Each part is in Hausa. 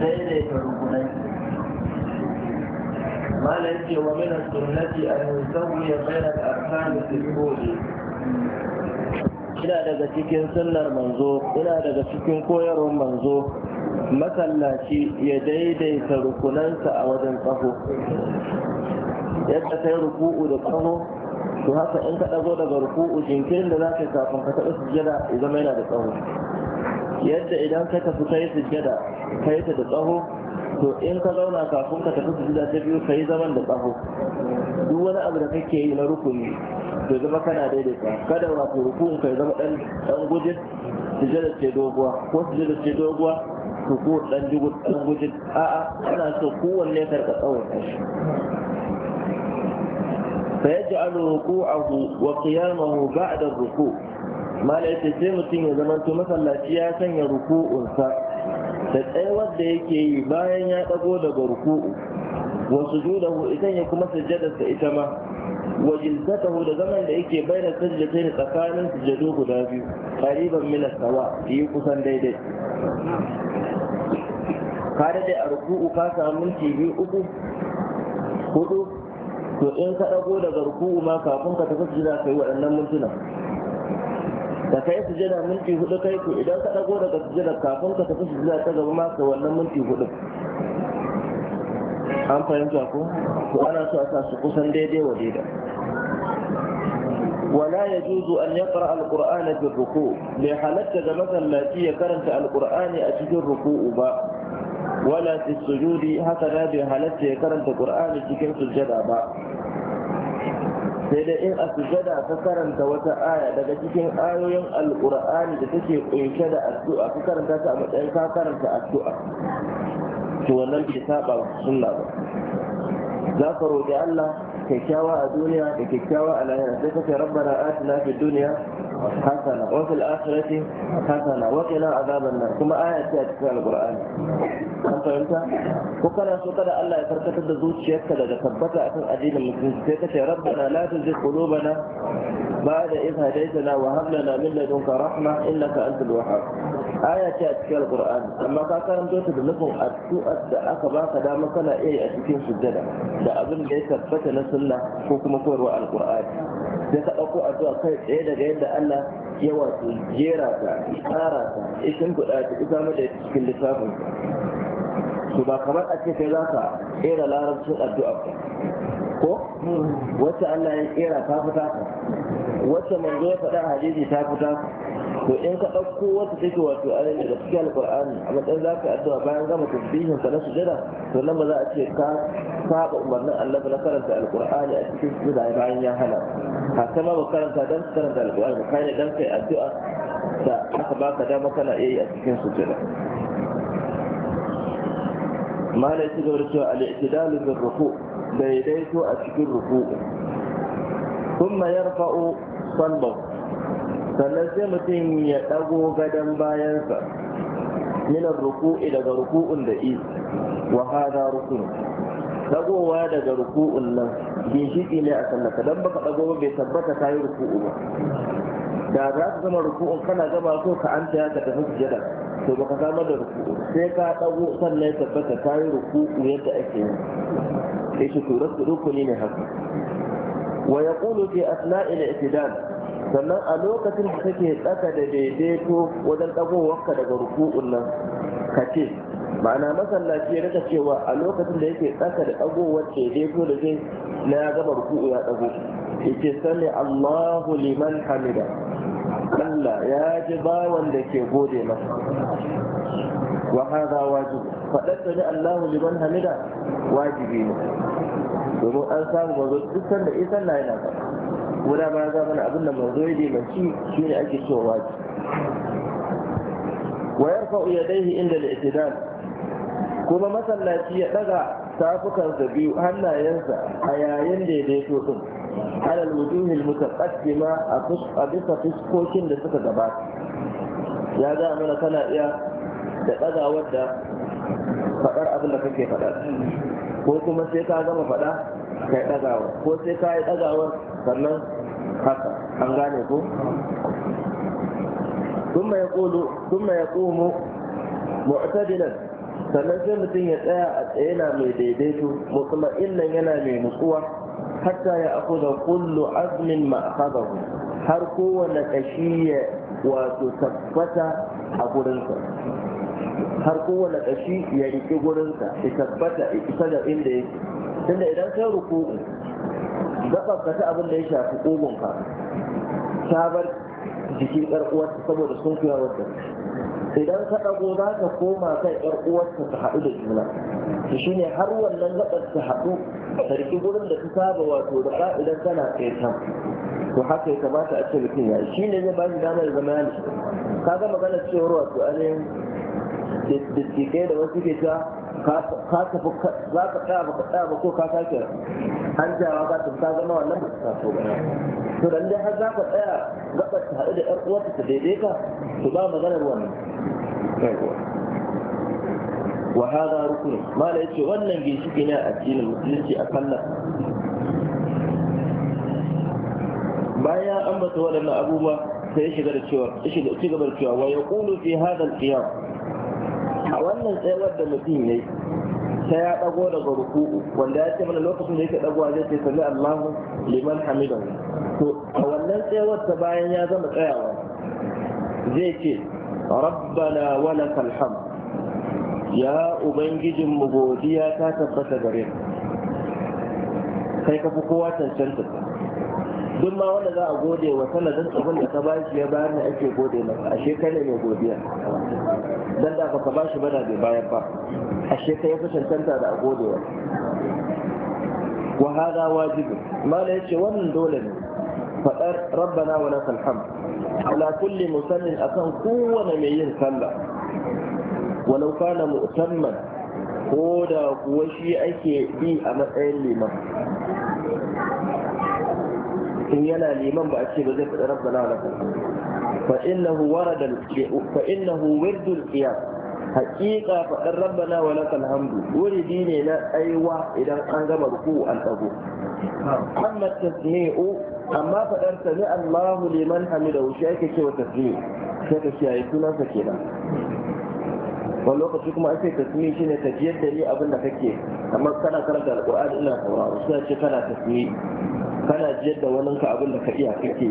daidaita rukunai mana yake wa mina sunnati an yusawiya baina al-arkani fi al ina daga cikin sunnar manzo ina daga cikin koyarwar manzo masallaci ya daidaita rukunansa a wajen tsaho yadda kai ruku'u da tsaho to haka in ka ɗago daga ruku'u jinkirin da za ka yi kafin ka taɓa sujjada ya zama yana da tsaho yadda idan ka tafi kai sujjada kai ta da tsaho to in ka zauna kafin ka tafi sujjada ta biyu ka yi zaman da tsaho duk wani abu da kake yi na rukuni to zama kana daidaita kada ba wato rukun kai zama dan dan gujin sujjada ce doguwa ko sujjada ce doguwa to ko dan jugu dan gujin a'a ana so kowanne ka rika tsawon shi فيجعل ركوعه وقيامه بعد الركوع mala yace sai mutum ya zama to masallaci ya sanya ruku'unsa da tsayawar da yake yi bayan ya dago daga ruku'u wa sujudahu idan ya kuma sajjadarsa ita ma wa jilsatahu da zaman da yake bayyana ne tsakanin sujudu guda biyu qariban min as-sawa yi kusan daidai ka dade a ruku'u ka samu minti biyu uku hudu to in ka dago daga ruku'u ma kafin ka tafi sujuda kai waɗannan mintuna ka kai su sujada minti hudu kai ku idan ka dago daga jira kafin ka tafi sujada ta gaba ma ka wannan minti hudu an fahimta ko to ana so a sa su kusan daidai wa daida ولا يجوز أن يقرأ القرآن في الركوع لحالة مثلا التي في القرآن أجد الركوع با ولا في السجود هكذا بحالة كرنت القرآن تكن سجد با sai dai in a sujada ka karanta wata aya daga cikin ayoyin alkur'ani da take kunshe da addu'a ka karanta ta a matsayin ka karanta addu'a to wannan bai saba sunna ba za ka roƙi Allah kyakkyawa a duniya da kyakkyawa a lahira sai ka ce rabbana atina fid dunya hasana wa fil akhirati hasana wa qina azaban nar kuma aya ce a cikin alqur'ani an fahimta ko kana so kada Allah ya karkatar da zuciyarta daga tabbata akan addinin musulunci sai ka ce rabbana la tuzigh qulubana بعد إذ هديتنا وهب لنا من لدنك رحمة إنك أنت الوهاب آية تأتي القرآن أما كان جوت بنفهم السوء أكباك دام كان إيه أتكين سجدة da abin da ya tabbata na sunna ko kuma koyarwa alkur'ani da ka ɗauko addu'a kai tsaye daga yadda Allah ya wato jera ta tsara ta isin kuɗa ta isa to ba kamar a ce kai za ka ƙera larabcin addu'a ko wacce Allah ya ƙera ta wacce manzo ya faɗa hadisi ta fita to in ka ɗauko wata take wato a daga cikin alƙur'ani a matsayin za ka addu'a bayan gama tasbihin ka na sujada to nan ba za a ce ka saba umarnin Allah na karanta alƙur'ani a cikin sujada bayan ya hana ka ma ba karanta dan karanta alƙur'ani ka ne dan kai addu'a da aka baka dama kana iya yi a cikin sujada mala ya ci gaba da cewa al-i'tidalu bil ruku daidaito a cikin ruku' ya يرفع صلبه sannan sai mutum ya ɗago gadon bayansa minar ruku'i daga ruku'un da is wa hada rukun dagowa daga ruku'un nan ginshiki ne a sallaka don baka dago bai tabbata ta yi ruku'u ba da za ka zama ruku'un kana gaba so ka an ta yaka tafi sujada to baka samar da ruku'u sai ka dago sannan ya tabbata ta yi ruku'u yadda ake yi sai turar rukuni ne haka wa yaqulu fi asna'il i'tidal sannan a lokacin da kake tsaka da daidaito wajen dagowarka daga ruku'un nan Ka ce. ma'ana masallaci ya rika cewa a lokacin da yake tsaka da dagowar daidaito da zai na gaba ruku'u ya dago yace sani. Allahu liman hamida Allah ya ji bawan da ke gode masa wa hadha wajib faɗar ni Allahu liman hamida wajibi ne domin an samu mazo duk sanda in eh na yana ba kuma da ma za mana abin da manzo ya je mace shi ne ake cewa wayar fa'u ya yadayhi inda da itidal kuma masallaci ya daga tafukansa biyu hannayensa a yayin da ya daidaito din alal wujuhil mutaqaddima a bisa fuskokin da suka gabata ya ga mana kana iya da daga wadda faɗar abin da kake faɗa ko kuma sai ka gama faɗa kai ɗagawa ko sai ka yi ɗagawar sannan haka an gane ko ثم kuma ya يقوم mu'tadilan sannan sai mutum ya tsaya a tsaye na mai daidaito mu kuma illan yana mai nutsuwa hatta ya aku da kullu azmin ma'akazahu har kowane kashi ya wato tabbata a gurinsa har kowane ƙashi ya riƙi gurinsa ya tabbata ya isa da inda ya tunda idan kai ruku zaɓar ka ta abin da ya shafi ƙugunka bar jikin ƙarƙuwarsa saboda sun fiya da idan ka ɗago za ka koma kai ƙarƙuwarsa ta haɗu da juna to shine har wannan gaɓar ta haɗu ta riƙi gurin da ta saba wato da ƙa'idan tana tsaye to haka ya kamata a ce mutum ya shi ne zai ba shi damar zama ya ka ga maganar cewar wato ainihin diddike da wasu ke cewa ka tafi za ka tsaya ba ka tsaya ba ko ka sake an jawa ka tafi ka zama wannan ba ta so ba to dan dai har za ka tsaya gabar ta haɗu da ƴar uwarta ta daidai ka to ba maganar wannan wa hada rukun mala yace wannan ginshiki ne a addinin musulunci a kallon bayan an bata waɗannan abubuwa sai ya shiga da cewa ya shiga ci gaba da cewa wa yaqulu fi hada al-qiyam wannan tsayawar da mutum ya yi ta ya dago daga ruku'u wanda ya ce mana lokacin da yake dagowa zai ce sami Allahu liman hamidan to a wannan tsayawar ta bayan ya zama tsayawa zai ce rabbana wa lakal hamd ya ubangijin mu godiya ta tabbata gare kai ka fi kowa cancanta duk ma wanda za a gode wa sanadin abin da ka ba shi ya bayar ne ake gode masa a kai ne mai godiya dan da baka ba shi bada bai bayar ba a kai ya fi cancanta da a gode wa wahala hada wajibi mala yace wannan dole ne fadar rabbana wa lakal hamd ala kulli musallin akan kowane mai yin sallah walau kana mu'tamman ko da kuwa shi ake yi a matsayin liman in yana liman ba a ce ba zai faɗi rabbana na lakal fa innahu warada fa innahu wirdul qiyam haqiqa faɗin rabbana wa lakal hamdu wuridi ne na aiwa idan an gama ruku an dago amma tasmi'u amma faɗar sami Allahu liman hamidahu shi ake cewa tasmi'u sai ka kiyaye sunansa kenan wani lokaci kuma an sai tasmi shi ne tafiyar da ni abin da kake amma kana karanta alƙur'ani ina sauraro ce kana kana jiyar da wani ka abin da ka iya kake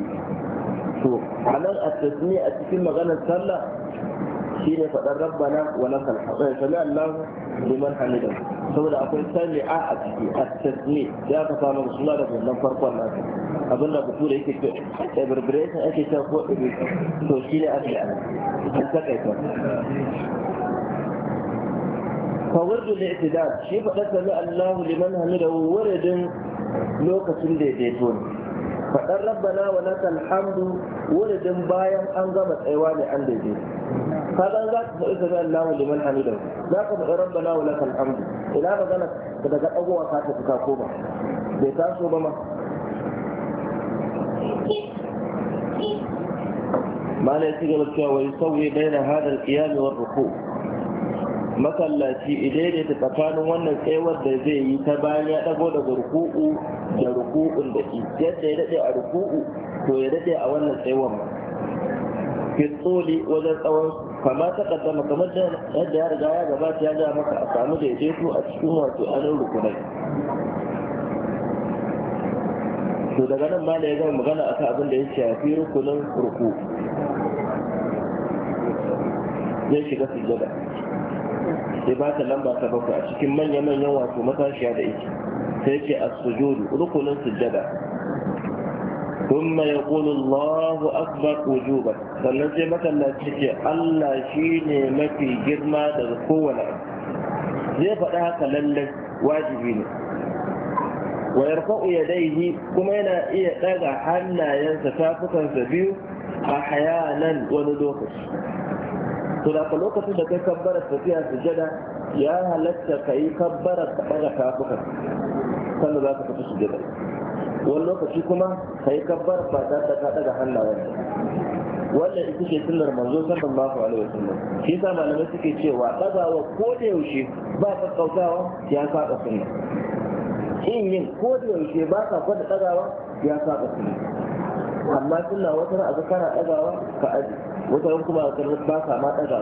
to a nan a tasmi a cikin maganar sallah shi ne faɗar rabbana wa lakal hamd eh, sami Allah liman hamida saboda akwai sami a ciki a tasmi ya ka samu suna da wannan farkon nasu abin da butu da yake ebirbireta ake cewa ko ebirbireta to shi ne ake ana an takaita فورد الاعتدال شيء فقد سمع الله لمن حمده ورد lokacin daidaito ne faɗar rabbana wa lakal hamdu wuridin bayan an gama tsayawa ne an daidaito kaga za ka faɗi sami Allahu liman hamida za ka faɗi rabbana wa lakal hamdu ina magana ka daga ɗagowa ka tafi ko ba bai taso ba ma ما لا يتجب الكاوى يسوي بين هذا القيام والركوع masallaci idaidaita tsakanin wannan tsayawar da zai yi ta bayan ya dago daga ruku'u da ruku'un da shi yadda ya dade a ruku'u to ya dade a wannan tsayawar fi tsoli wajen tsawon kama ta kaddama kamar da yadda ya riga ya gabata ya ga maka a samu daidaito a cikin wato anan rukunai to daga nan ma da ya gama magana akan abin da ya shafi rukunin ruku ya shiga sujada. sai ba lamba ta a cikin manya-manyan wato matashiya da ita sai ce a sujudu rukunin sujada kuma ya kulu Allahu akbar ujuba sannan sai matallaci ce Allah shi ne mafi girma daga kowane zai faɗa haka lallai wajibi ne wa yarfa'u yadayhi kuma yana iya daga hannayensa tafukansa biyu a hayanan wani lokaci to da ka lokacin da kai kabbara tafiya jada ya halatta ka yi kabbara ka ɗaga kafukan sannan za ka tafi jada wani lokaci kuma ka yi kabbara ba ta da ka ɗaga hannayen wannan ita ce sunnar manzo ku alaiwa wasallam shi sa malamai suke cewa ɗagawa ko da yaushe ba kautawa ya saba sunna in yin ko da yaushe ba ka gwada ɗagawa ya saba sunna amma sunna wata ra'a kana ɗagawa ka aji wata kuma a karnar ba sa ma ɗaga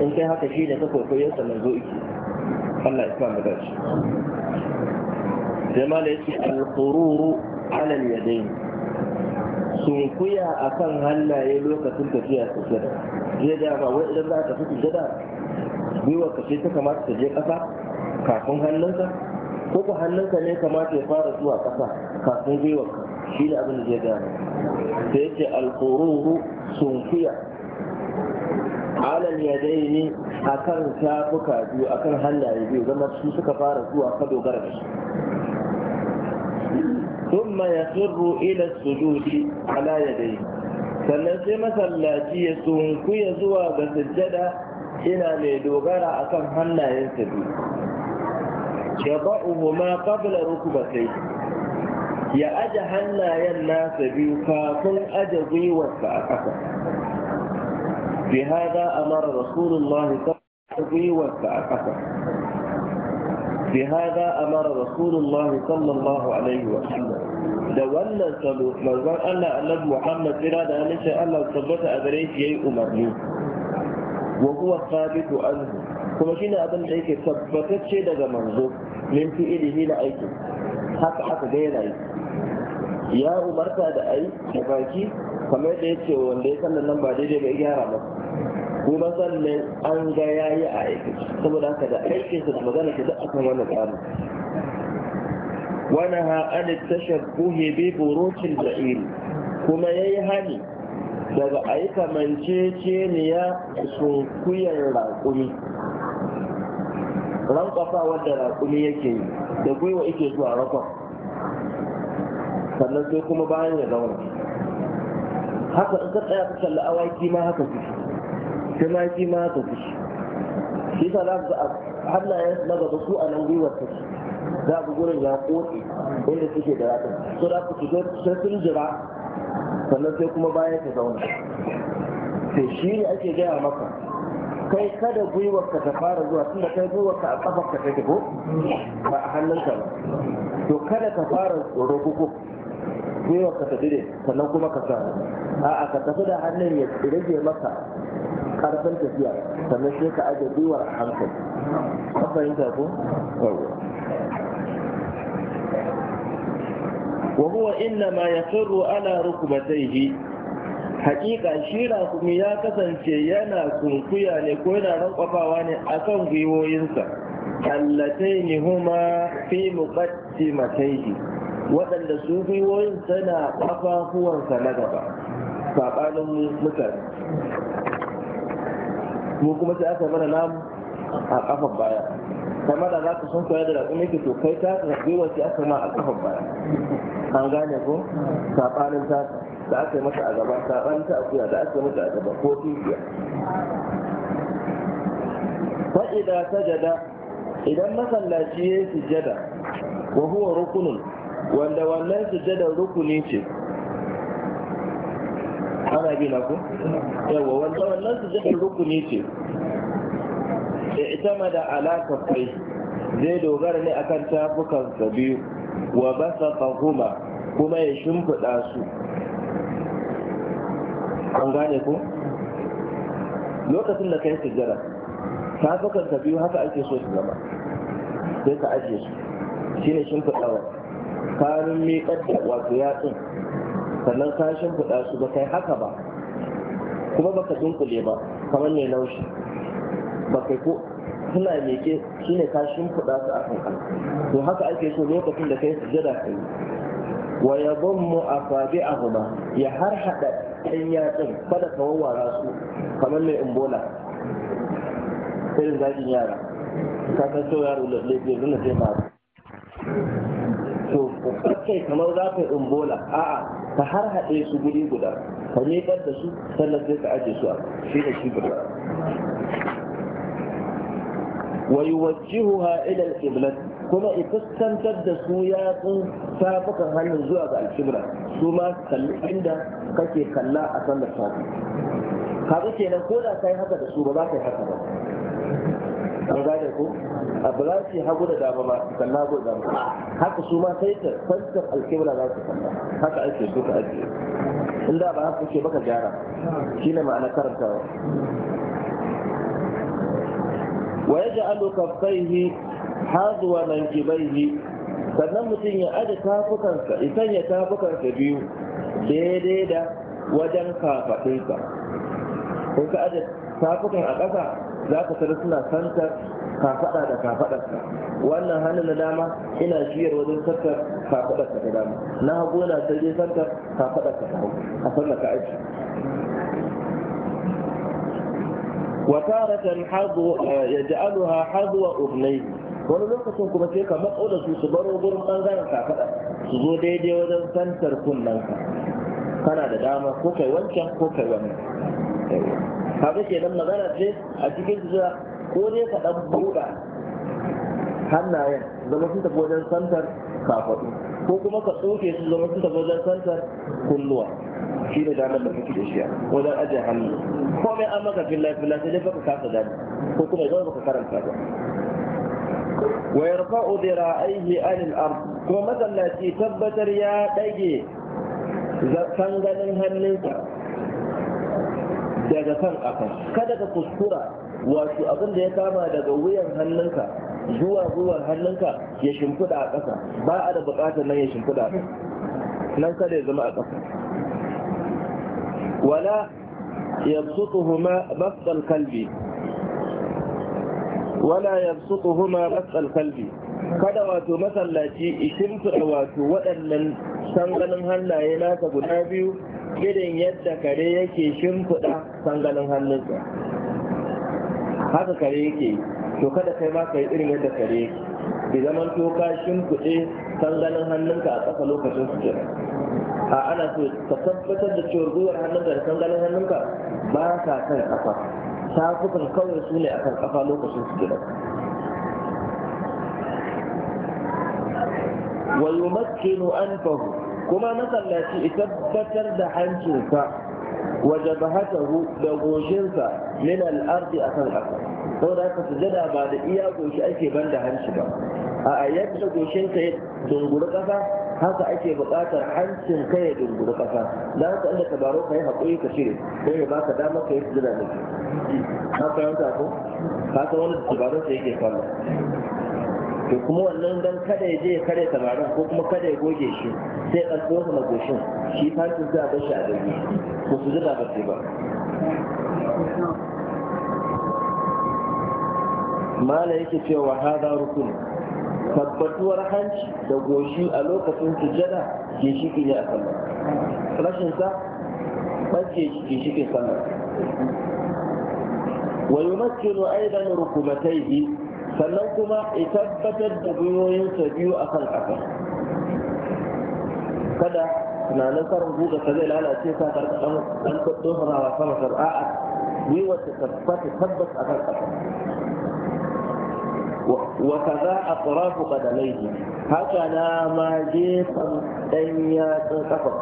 in kai haka shi ne ta kwaikwayon sa zo iki Allah ya sa mu dace sai ma da yake al alal yadai al-yadayn sunkuya akan hannaye lokacin tafiya sujada zai da ba wai idan za ka tafi sujada gwiwa ka ce ta kamata ta je ƙasa kafin hannunka ko ku hannunka ne kamata ya fara zuwa ƙasa kafin gwiwa ka shi ne abin da ya gano da yake ce alkururu sunfiya alal yadai ne a kan tafuka biyu a kan hannaye biyu zama su suka fara zuwa ka dogara da shi ثم su إلى ala ya يديه sannan sai masallaci ya sunku ya zuwa ga sujjada ina mai dogara akan hannayensa biyu ya ba'uhu ma qabla sai. يا أجهلنا ينا سبيكا كن أجزي وفاكك بهذا أمر رسول الله صلى الله أجزي وفاكك بهذا أمر رسول الله صلى الله عليه وسلم دولنا لو قال أن أنه محمد إلى ذلك أن الصبت أبريك يي أمرني وهو ثابت عنه كما كنا أبن عيك ثبتت شيء لغا منظور من فئله لعيك حتى حتى غير عيك ya umarta da ai da baki kamar da ya ce wanda ya sallan nan ba daidai ba ya gyara masa kuma sannan an ga ya yi a aikace saboda haka da aikinsa da magana ta duk akan wannan tsarin burocin da iri kuma ya yi hani, daga a yi kamanceceniya sunkuyar raƙumi ranƙafa wadda raƙumi yake yi da gwiwa ike zuwa rakon sannan sai kuma bayan ya zauna haka in ka tsaya ka kalli awaki ma haka shi tumaki ma haka su shi ka za ka ya na gaba su a nan gwiwar ta shi za ku gurin ya kotse inda suke da ratsin so za ku shiga sai sun jira sannan sai kuma bayan ka zauna Sai shi ne ake gaya maka kai kada ka ta fara zuwa tun da kai ka a kafar ta ke ko ba a hannunka ba to kada ka fara rukuku gwiwa ka tafi da sannan kuma ka sa a'a ka tafi da hannun ya rage maka karfin tafiya sannan sai ka aje gwiwar a hankali an fahimta ko wa huwa inna ma ana ala rukbatayhi hakika shi rakumi ya kasance yana sunkuya ne ko yana rankwafawa ne akan gwiwoyinsa allataini huma fi muqaddimatayhi waɗanda su gwiwoyin tana ƙafafuwansa na gaba saɓanin mutane mu kuma sai aka mana namu a ƙafan baya kamar da za ka sun koya da raƙon yake to kai ta gwiwa sai aka ma a ƙafan baya an gane ko saɓanin ta da aka yi mata a gaba saɓanin ta akuya da aka yi mata a gaba ko tijiya fa'ida jada, idan masallaci ya yi sujada wa huwa rukunin wanda wannan sujjadar rukuni ce ana bi na ku yawa wanda wannan sujjadar rukuni ce ita ma da alaka kai zai dogara ne akan tafukan sa biyu wa basa kahuma kuma ya shimfiɗa su an gane ku lokacin da kai sujjada sa biyu haka ake so su zama sai ka ajiye su shine shimfiɗawa karin miƙar da wato yatsun sannan ka shimfiɗa su ba kai haka ba kuma baka dunkule ba kamar mai laushi ba kai ko suna meke shi ne ka shimfiɗa su a kan to haka ake so lokacin da kai su ka yi wa ya mu a fabi a ya har haɗa ɗan yatsun kada ka wawwara su kamar mai umbola irin zagin yara ka san cewa yaro lalle zai zuna zai masu to kai kamar za ka yi umbola a'a ka har haɗe su guri guda ka miƙar da su sannan sai ka aje su a shi da shi guda wa yuwajjihuha ila al-qiblah kuma ifuskantar da su ya yatsun safukan hannun zuwa ga al-qibla su ma kalli inda kake kalla a sallar safi kaga kenan ko da kai haka da su ba za ka yi haka ba an gane ko a hagu da dama ba su kalla hagu da dama haka su ma sai ta fantar alkibla za su kalla haka ake duka ake in da ba haka ke baka gyara shi ne ma'ana karantawa wa ya ja'alu kaffaihi hazuwa mankibaihi sannan mutum ya aje tafukansa ya sanya tafukansa biyu daidai da wajen kafaɗinsa in ka aje tafukan a ƙasa za ka tara suna santar kafada da kafada wannan hannun na dama ina shiyar wajen sassar kafadarka ta dama na hagu na sarje sassar kafadarka ta hagu a sannan ka aiki وتارة حظو يجعلها wa أغنيه eh, wani lokacin kuma sai ka matso da su su baro gurin ɓangaren kafaɗa su zo daidai wajen santar kunnanka kana da dama ko kai wancan ko kai wannan haka ke nan magana ce a cikin zuwa ko ne ka dan buɗa hannayen zama sun tafi wajen santar kafaɗu ko kuma ka tsoke su zama sun tafi wajen santar kulluwa shi ne damar da kake da shi wajen ajiye hannu ko mai an maka filla filla sai dai baka kasa dani ko kuma ya zama baka karanta ba Wayar wa yarfa'u dira'aihi anil ard kuma masallaci tabbatar ya dage sanganin hannunsa daga kan ƙasa kada ka kuskura wato abin da ya kama daga wuyan hannunka zuwa gwiwar hannunka ya shimfiɗa a ƙasa ba a da buƙatar nan ya shimfiɗa a ƙasa nan kada ya zama a ƙasa wala yabsutuhuma basal kalbi wala yabsutuhuma basal kalbi kada wato masallaci ishimfiɗa wato waɗannan sanganin hannaye nasa guda biyu irin yadda kare yake shimfiɗa sanganin hannunsa haka kare yake to kada kai ma kai yi irin yadda kare yake bi zaman to ka shimfiɗe ganin hannunka a ƙasa lokacin su a ana so ka tabbatar da cewa gwiwar hannunka da ganin hannunka ba ka kan ƙafa tafukan kawai su ne akan ƙafa lokacin su wa yumakkinu anfahu kuma masallaci tabbatar da hancinsa وجبهته دغوشنسا من الأرض أكن ko saboda ka sujada ba da iya goshi ake ban da hanci ba a yadda goshin ka ya dunguri ƙasa, haka ake buƙatar hancin ka ya dunguri ƙasa. za ka inda ka baro ka yi haƙuri ka cire ko ya baka damar ka yi sujada da ke an fahimta ko ka san wani dabarun sa yake kwallo to kuma wannan dan kada ya je ya kare samarin ko kuma kada ya goge shi sai ɗan tsoka na goshin shi fatin za a bar shi a gari ko su zuba ba sai ba mala yake cewa hada rukun tabbatuwar hanci da goshi a lokacin sujada ke shi ne a sallah rashin sa bace ke shi ke sallah wa yumakkinu aidan rukumataihi sannan kuma a tabbatar da gwiwoyinsa biyu a kan ƙasa kada tunanin karin buga ta zai lalace ka karɓar ɗan tsoharawa sama a gwiwar ta tabbata tabbas a kan ƙasa wa kaza a tsarafu kadalaihi haka na ma jefan ɗan yatsun ƙafa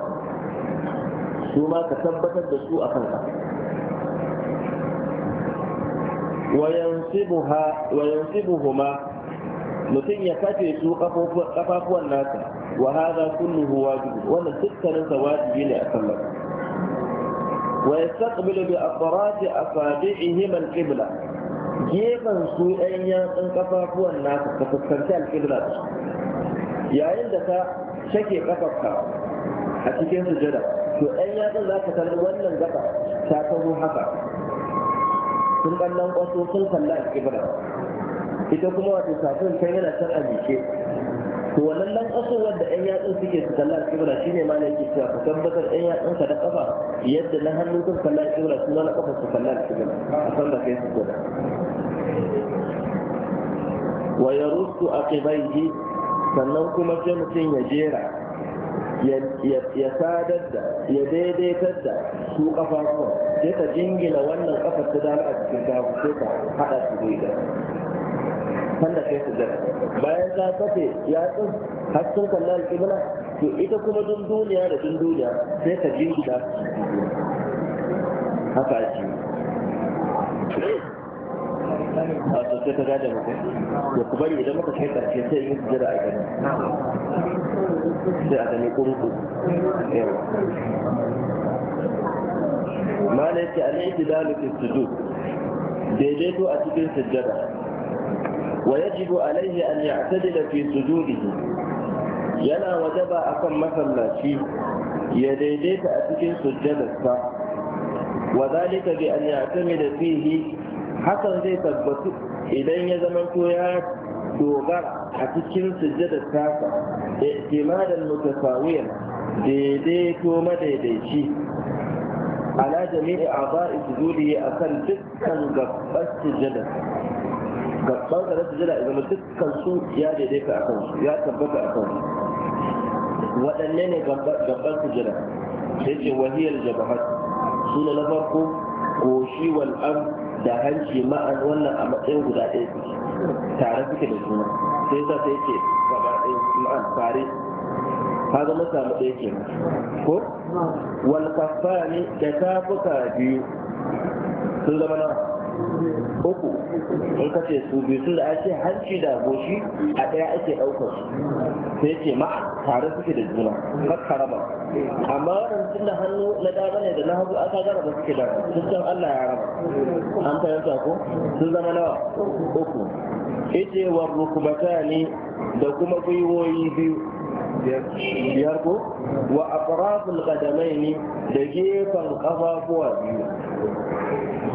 su ma ka tabbatar da su a kan ƙasa wa yansibuhuma mutum ya kafe su kafafuwan nasa wa hadha kulluhu wajib wanda dukkanin sa wajibi ne a sallar wa yastaqbilu bi afrati asabi'ihi man qibla gefen su ɗan yatsun kafafuwan nasa ta fuskanci alƙibla yayin da ka shake kafafka a cikin sujada to ɗan yatsun za ka kalli wannan gaba ta taho haka sun kallon ƙwato sun kalla a ƙibra ita kuma wato safin kan yana can a jike to wannan nan ƙwato wanda ɗan yatsun suke su kalla a kibra shine ma ne yake cewa ka tabbatar ɗan yatsun ka da ƙafa yadda na hannu sun kalla a ƙibra su ma na ƙafa su kalla a ƙibra a san da kai su kula wa a aqibaihi sannan kuma sai mutum ya jera ya sadar da ya daidaitar da su kafafuwa sai ka jingina wannan kafar ta dama a cikin kafu sai ka haɗa su da sanda sai su zai bayan ka kafe ya tsin har sun to ita kuma dunduniya da dunduniya sai ka jingina haka ake A sosai ta ka gada muku ya ku bari idan muka kai karshe sai yi muku jira a gani sai a gani kurku yawa mana yake an yi tilalu fi sujud daidaito a cikin sujjada wa yajibu alaihi an ya'tadila fi sujudihi yana wajaba akan masallaci ya daidaita a cikin sujjadarsa وذلك بأن يعتمد فيه hakan zai tabbatu idan ya zama to ya dogara a cikin sujjada tasa da kimanin mutasawiyan daidaito madaidaici ana jami'i a ba sujudi a kan dukkan gabbar sujjada gabbar da na sujjada zama dukkan su ya daidaita a su ya tabbata a su waɗanne ne gabbar sujjada sai ce wahiyar jabahar su na farko goshi wal'am da hanci ma'an wannan a matsayin guda ɗaya suke tare suke da juna sai yasa sai ce gaba ɗaya ma'an tare ka zama samu ɗaya ke ko wal kafani da tafuka biyu sun zama nawa uku in ka ce su biyu tun da an hanci da goshi a ɗaya ake ɗaukar su sai ce ma tare suke da juna kakka karama. amma wannan tun da hannu na dama ne da na hagu aka gara ba suke da sun san Allah ya raba an fahimta ko sun zama nawa uku ita kuma rukubatani da kuma gwiwoyi biyu biyar ko wa aqraful qadamaini da gefen kafafuwa biyu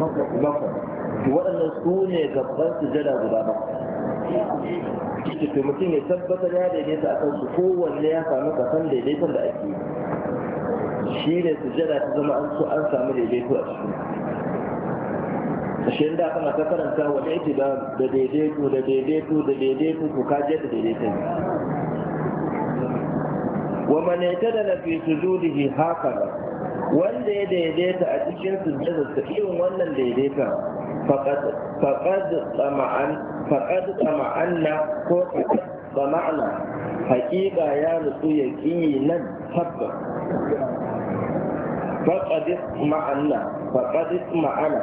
bakwai sune waɗannan su ne gaban sujada guda bakwai mutum ya tabbatar ya daidaita a su kowanne ya samu kasan daidaitar da ake shi ne sujada ta zama an so an samu daidaito a cikin ashirin da kana ta karanta wani ake da daidaito da daidaito da daidaito ko je da daidaito wa man yatada la fi haka ba. wanda ya daidaita a cikin da su irin wannan daidaita faƙad tsama'an na ko faqad tsama'na haƙiƙa ya nutsu ya ƙi nan tabba faƙad tsama'ana faƙad ma'ana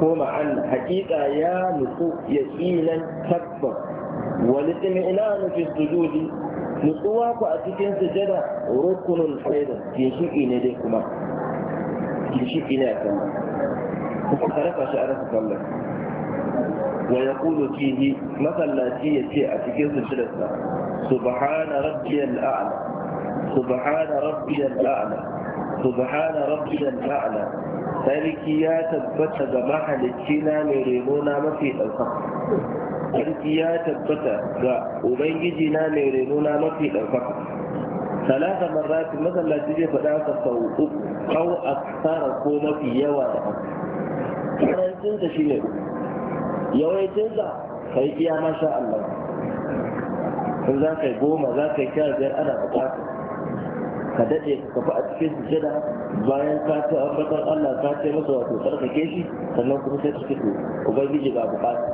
ko ma'ana haƙiƙa ya nutsu ya ƙi nan tabba wani ina nufi sujudi nutsuwa ku a cikin sujada rukunin ke ginshiƙi ne dai kuma يشيء إلى كمان وفكرت أشعر تطلع ويقول فيه مثلا في يتيع في كيف الثلاثة سبحان ربي الأعلى سبحان ربي الأعلى سبحان ربي الأعلى تركيا تبت جماحة لكينا مريمونا ما في الخط تركيا تبت جاء وبيجينا مريمونا ما في الخط talata marrati masallaci zai faɗa ka sau uku au aksara ko mafi yawa da haka karancinsa shi ne yawancinsa ka yi iya masha Allah in za ka yi goma za ka yi ka daɗe ka a cikin sujada bayan ka ce ambatan Allah ka ce masa wato tsarkake shi sannan kuma sai ka fito ubangiji ba bukata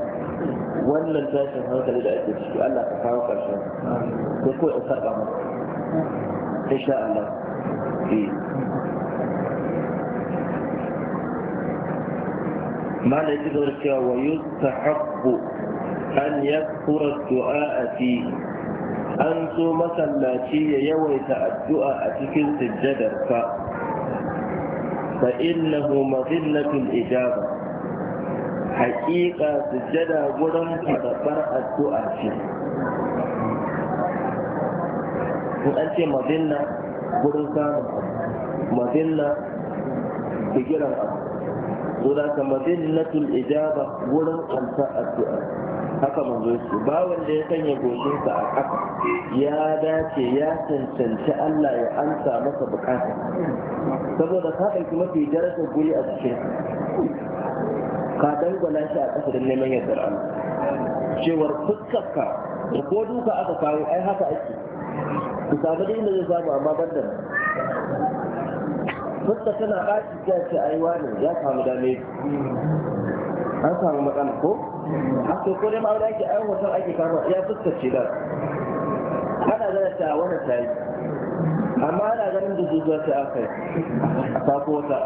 wannan tashin hankali da ake ciki Allah ka kawo ƙarshen ko ko in sarƙa masa إن شاء الله ما لا يدرك ويستحق أن يكثر الدعاء فيه an so masallaci ya yawaita addu'a a cikin sujjadarsa fa innahu mazillatul ijaba haƙiƙa sujjada gurin karɓar addu'a ce in an ce madinna gurin samun madinna bigiran abu ko za ka madinnatul ijaba gurin amsa addu'a haka manzo su ba wanda ya sanya goshinsa a ƙasa ya dace ya cancanci Allah ya amsa masa bukata saboda ka ɗauki mafi darajar guri a cikin ka dangwala shi a ƙasa don neman yardar Allah cewar fuskarka da ko duka aka kawo ai haka ake ku samu duk da zai samu amma ban da fuska tana ɓaci ta ce ai wani ya samu dame an samu matsala ko a to ko dai wani ake ai hoton ake kama ya fuska ce da ana gana ta wani ta yi amma ana ganin da zuwa ta aka yi a sako wata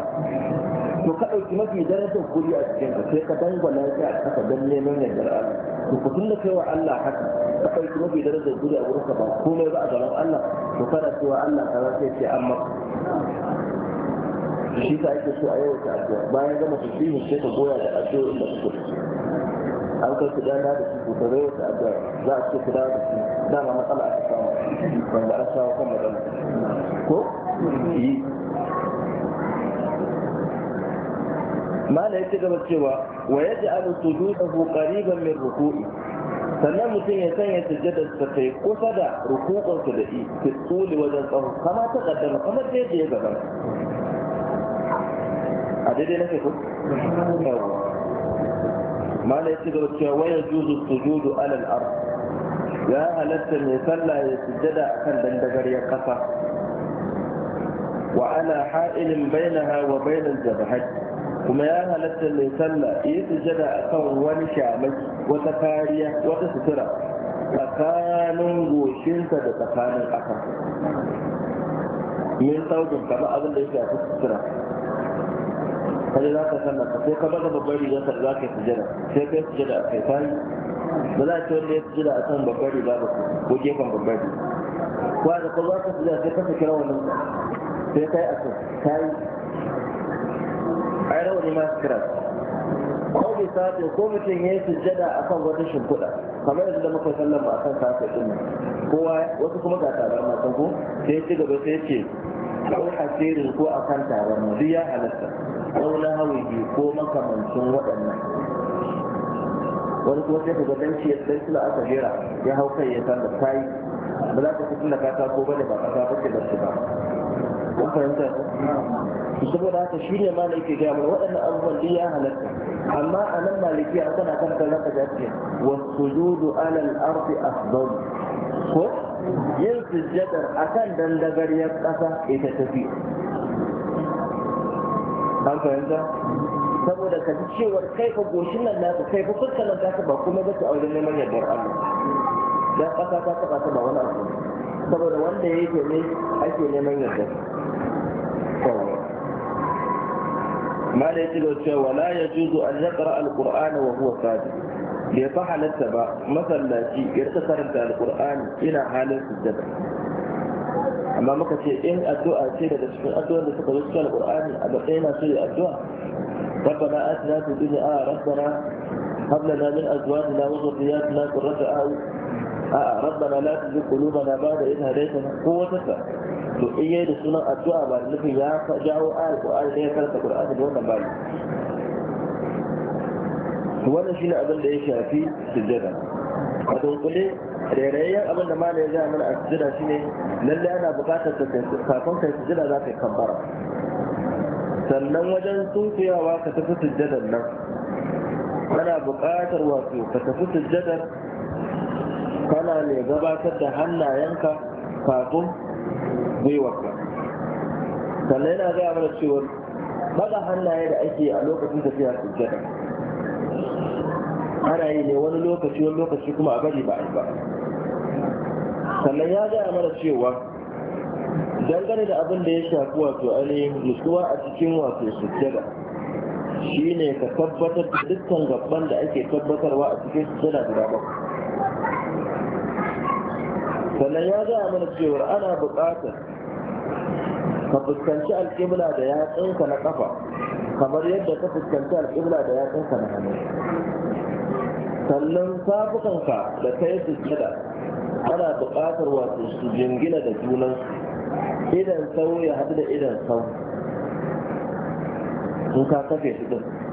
to ka ɗauki mafi darajar guri a cikin ka sai ka dangwala ya a ƙasa don neman yardar Allah to ku tunda kai wa Allah haka akwai kuma bai darajar guri a gurinka ba komai ba a gaban Allah to kana cewa Allah ka kaza sai ce amma shi ka ake so a yau ta addu'a bayan gama tasbihin sai ka goya da addu'a da kuka an kai ku dana da su ta rai wata addu'a za a ce ku dawo da su dama matsala aka samu wanda an samu kan magana ko yi ما لا يتجب سوى ويجعل سجوده قريبا من ركوعه sannan mutum ya sanya sujjada ta kai kusa da rukukun su da i fi tsuli wajen tsawo kama ta kaddama kamar da yadda ya gaba a daidai na ke ku mala ya ci gaba cewa waya juzu sujudu alal ard ya halatta mai sallah ya sujjada akan dandagar ya kafa wa ala ha'ilin bainaha wa bainal jabhati kuma ya halatta mai sallah ya sujada a kan wani shamaki wata kariya wata sutura tsakanin goshinsa da tsakanin ƙasa min saukin kama abin da ya shafi sutura kaje za ka sallah sai ka baza babbar riga ka za ka yi sujada sai ka yi sujada a kai kai ba za a ce wanda ya sujada a kan babbar riga ba ko gefen babbar riga ko da ka za ka sujada sai ka saki rawanin sai ka yi a kai kai nawa ne masu ko bi sace ko mutum ya yi sujjada akan wata shimfiɗa kamar yanzu da muka sallan ba akan kan din ɗin kowa wasu kuma ga taron matan ko sai ci gaba sai ce au hasirin ko akan taron mu duk ya halatta au na hawihi ko makamancin waɗannan wani kuma sai ga dan ci sai sila aka jera ya hau kai ya san da kai ba za ka fitin ta katako bane ba kasa bace da shi ba kun fahimta saboda haka shi ne ma da gaya mana waɗannan abubuwan duk ya halatta amma a nan maliki an kana kan kan zaka jace wa sujudu ala al-ardi afdal ko yin sujjadar akan dandagariyar ƙasa ita tafi an fahimta saboda ka ji cewar kai fa goshin nan naka kai fa fuskar nan ta ba kuma ba ta aure neman yardar Allah dan ƙasa ta taɓa ta ba wani abu saboda wanda yake ne ake neman yardar ما لا يجوز ولا ya أن يقرأ القرآن وهو صادق bai fa halatta ba masallaci ya rika karanta alkur'ani ina halin sujjada amma muka ce in addu'a ce daga cikin addu'ar da suka zo cikin alkur'ani a matsayin na shirya addu'a ربنا آتنا في الدنيا آه ربنا هب لنا من أزواجنا وذرياتنا قرة أعين آه ربنا لا تزغ قلوبنا بعد ko هديتنا قوة to in yayi da sunan addu'a ba da nufin ya jawo ayar qur'ani da ya karanta qur'ani da wannan bani to wannan shine abin da ya shafi sujjada a dunkule rairayyen abin da malam ya zama a sujjada shine lalle ana buƙatar kafin kai sujjada za ka yi kambara. sannan wajen tsufiyawa ka tafi sujjadan nan kana buƙatar wato ka tafi sujjadar kana ne gabatar da hannayenka kafin gwiwarka sannan yana gaya mana cewa daga hannaye da ake a lokacin tafiya sujjada ana yi ne wani lokaci wani lokaci kuma a bari ba a yi ba sannan ya gaya mana cewa dangane da abin da ya shafi wato ainihin nutsuwa a cikin wato sujjada ne ka tabbatar da dukkan gabban da ake tabbatarwa a cikin sujjada guda bakwai sannan ya gaya mana cewar ana buƙatar ka fuskanci alƙibla da yatsunka na ƙafa kamar yadda ka fuskanci alƙibla da yatsunka na hannu sannan safukanka da kai sujjada ana buƙatar wato su jingina da junan idan sau ya haɗu da idan sau in ka kafe su ɗin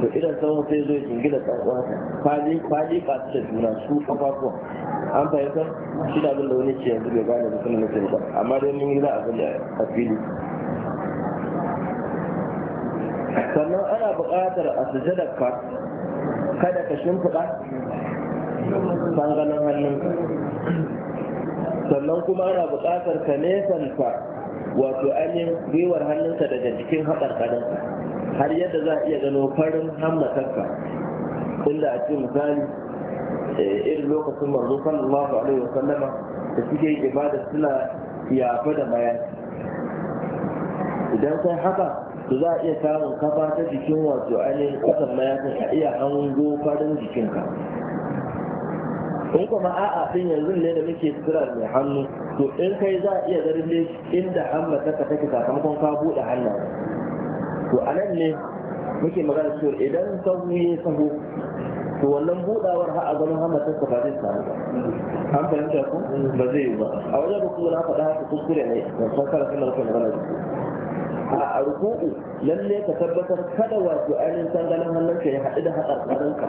to idan sauran sai zo jingina dan uwansa kwaji kwaji ba su juna su kafafuwa an fahimtar shi da abin da wani ce yanzu bai gane da na mutum ba amma dai mun yi za a gani a fili sannan ana buƙatar a sujadar ka kada ka shimfiɗa sanganin hannun sannan kuma ana buƙatar ka nesanta wato ainihin gwiwar hannunsa daga jikin haɗar ƙadansa har yadda za a iya gano farin hamlatarka inda a ce misali eh, irin lokacin manzo sallallahu alaihi wa sallama da suke ibada suna yafa da bayan idan sai haka to za a iya samun kafa ta jikin wato ainihin kusan mayakin a iya hango farin jikinka in kuma a'a din yanzu ne da muke tsira mai hannu to in kai za a iya zarge inda hamlatarka take sakamakon ka buɗe hannu. to a nan ne muke magana cewa idan sahu ya sahu to wannan budawar har a zaman hamatar ka ba zai samu ba an fahimta ku ba zai yi ba a wajen da kuma na faɗa haka kuskure ne da kala kuma na magana da a ruku'u lalle ka tabbatar kada wato ainihin sangalin ka ya haɗu da haƙarƙarinka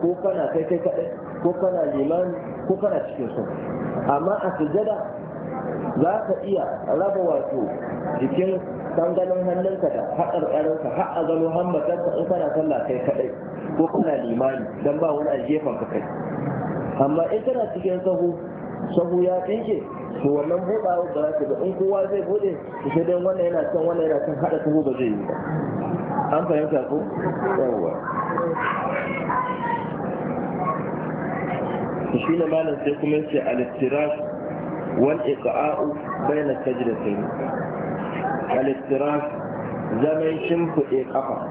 ko kana kai kai kaɗai ko kana liman ko kana cikin su amma a sujada za ka iya raba wato jikin ganin hannunka da ƙarinka har a gano hammatarka in kana sallah kai kaɗai ko kana limani don ba wani a ka kai amma in kana cikin sahu sahu ya tsinke to wannan buɗawa ba za ta ga in kowa zai buɗe to sai dai wannan yana son wannan yana son haɗa sahu ba zai yi ba an fahimta ko yawwa shi ne malam sai kuma yace al-tirash wal iqa'u bayna sajdatayn الافتراش زمن شمك إيقافا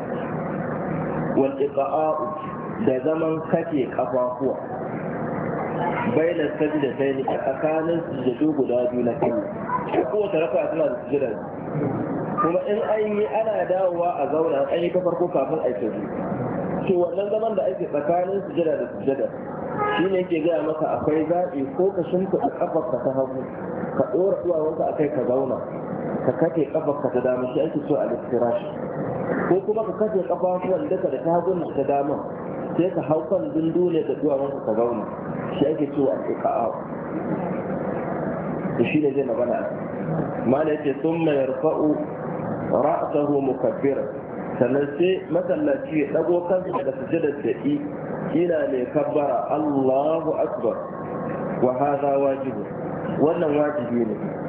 والإقاء ده زمن كتي قفافوا بين السجدتين أكان السجدو قدا دون كلا قوة ركعة سنة السجدة kuma in an ana dawowa a zauna an yi ta ko kafin a yi to wannan zaman da ake tsakanin sujada da sujada shi ne ke gaya maka akwai zaɓi ko ka shimfiɗa ƙafarka ta hagu ka ɗora a akai ka zauna ka kafe kafarka ta dama shi ake so a littirashi ko kuma ka kake kafafuwan daga da tagunan ta dama sai ka hau kan ne da wanka ka zauna shi ake so a ƙiƙa'a da shi ne zai magana mana yake sun mai rufa'u ra'asahu mukabbira sannan sai masallaci ya dago kansa daga sujadar da i ina mai kabbara allahu akbar wa hada wajibu wannan wajibi ne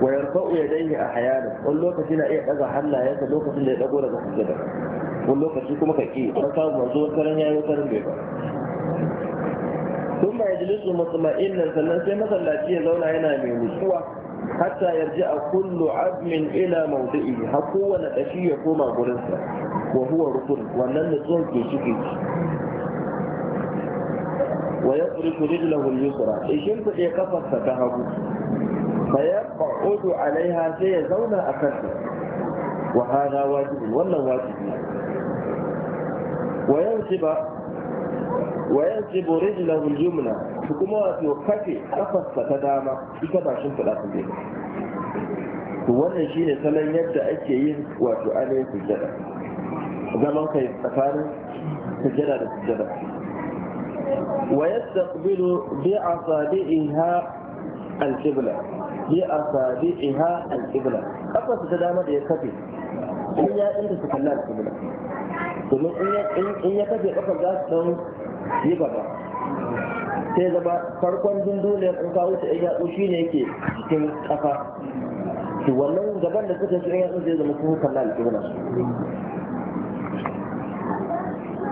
wa yarfa'u yadayhi ahyana wani lokaci na iya daga hannayensa lokacin da ya dago daga sujjada wani lokaci kuma ka ki ka samu manzo wata ran yayi wata ran bai ba ثم يجلس مطمئنا sannan sai masallaci ya zauna yana mai nutsuwa hatta yarji a kullu azmin ila mawdi'i har kowane dashi ya koma gurinsa wa huwa rukun wannan tsohon ke shi ke wa yafriku rijlahu al-yusra ishin kuɗe kafarsa ta hagu فيقعد عليها سيزون أكثر وهذا واجب ولا واجب وينصب وينصب رجله اليمنى حكما في وقفه قفص تداما كما الأخذين wannan shine salon yadda ake yin wato ainihin sujjada zaman kai tsakanin sujjada da sujjada wa yastaqbilu bi al bi asabi'iha al-qibla kafa su ta dama da ya kafe in ya inda su kalla al-qibla domin in ya kafe kafa za su dan yi gaba sai zama farkon dunduliyar in kawo ta ya shi ne yake cikin kafa to wannan gaban da suka shi ya zama sun kalla al-qibla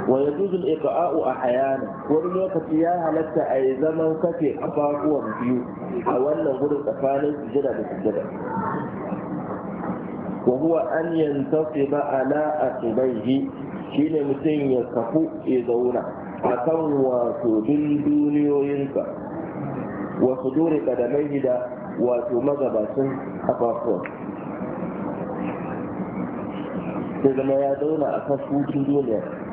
wa ya al iqa'u a hayana wani lokaci ya halatta a yi zaman kafe ƙafafuwan biyu a wannan gudun tsakanin sujada da sujada wa huwa an yantasiba ala asibaihi shine mutum ya kafu ya zauna akan wato duniyoyinka wa suduri kadamaihi da wato magabacin kafafuwan sai zama ya zauna a kan su duniya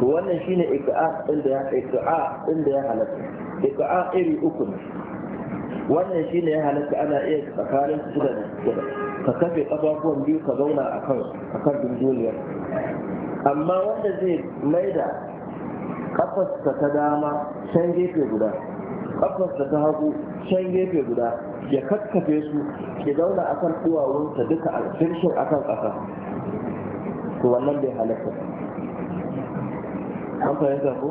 wannan shine iqa'a inda ya iqa'a inda ya halatta iqa'a iri uku ne wannan shine ya halatta ana iya tsakanin su da ka kafe kafafuwan biyu ka zauna akan akan dunduniyar amma wanda zai maida kafarsa ta dama can gefe guda kafarsa ta hagu can gefe guda ya kakkafe su ya zauna akan duwawunsa duka a akan ƙasa to wannan bai halatta an fahimta ko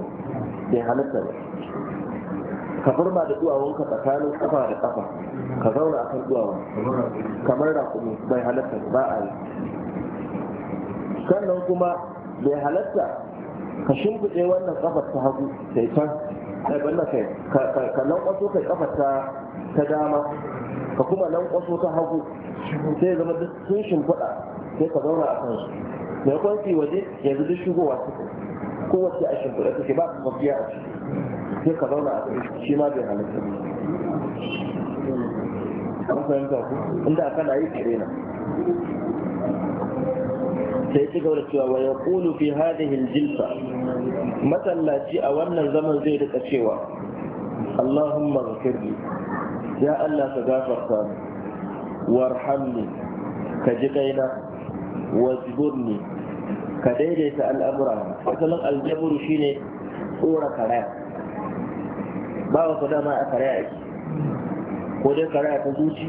bai halitta ba ka furma da ka tsakanin kafa da kafa ka zauna a kan duwawa, kamar kuma bai halitta ba a yi sannan kuma bai halitta ka shimfiɗe wannan kafar ta hagu sai can kai banna kai ka lankwaso kai kafar ta dama ka kuma lankwaso ta hagu sai zama duk sun shimfiɗa sai ka zauna a kansu mai kwanci waje yanzu duk shigowa kai kowace a shimfiɗa take ba su mafiya a ciki sai ka zauna a ciki shi ma bai halatta ba an fahimta ku inda aka na yi kare na sai ci gaba da cewa wa ya kulu fi hadhihi aljilfa matallaci a wannan zaman zai rika cewa Allahumma ghfirli ya Allah ka gafarta warhamni ka ji kaina wajburni ka daidaita al'amura asalin shi ne tsora karaya ba wa dama a karaya ake ko dai karaya ta zuci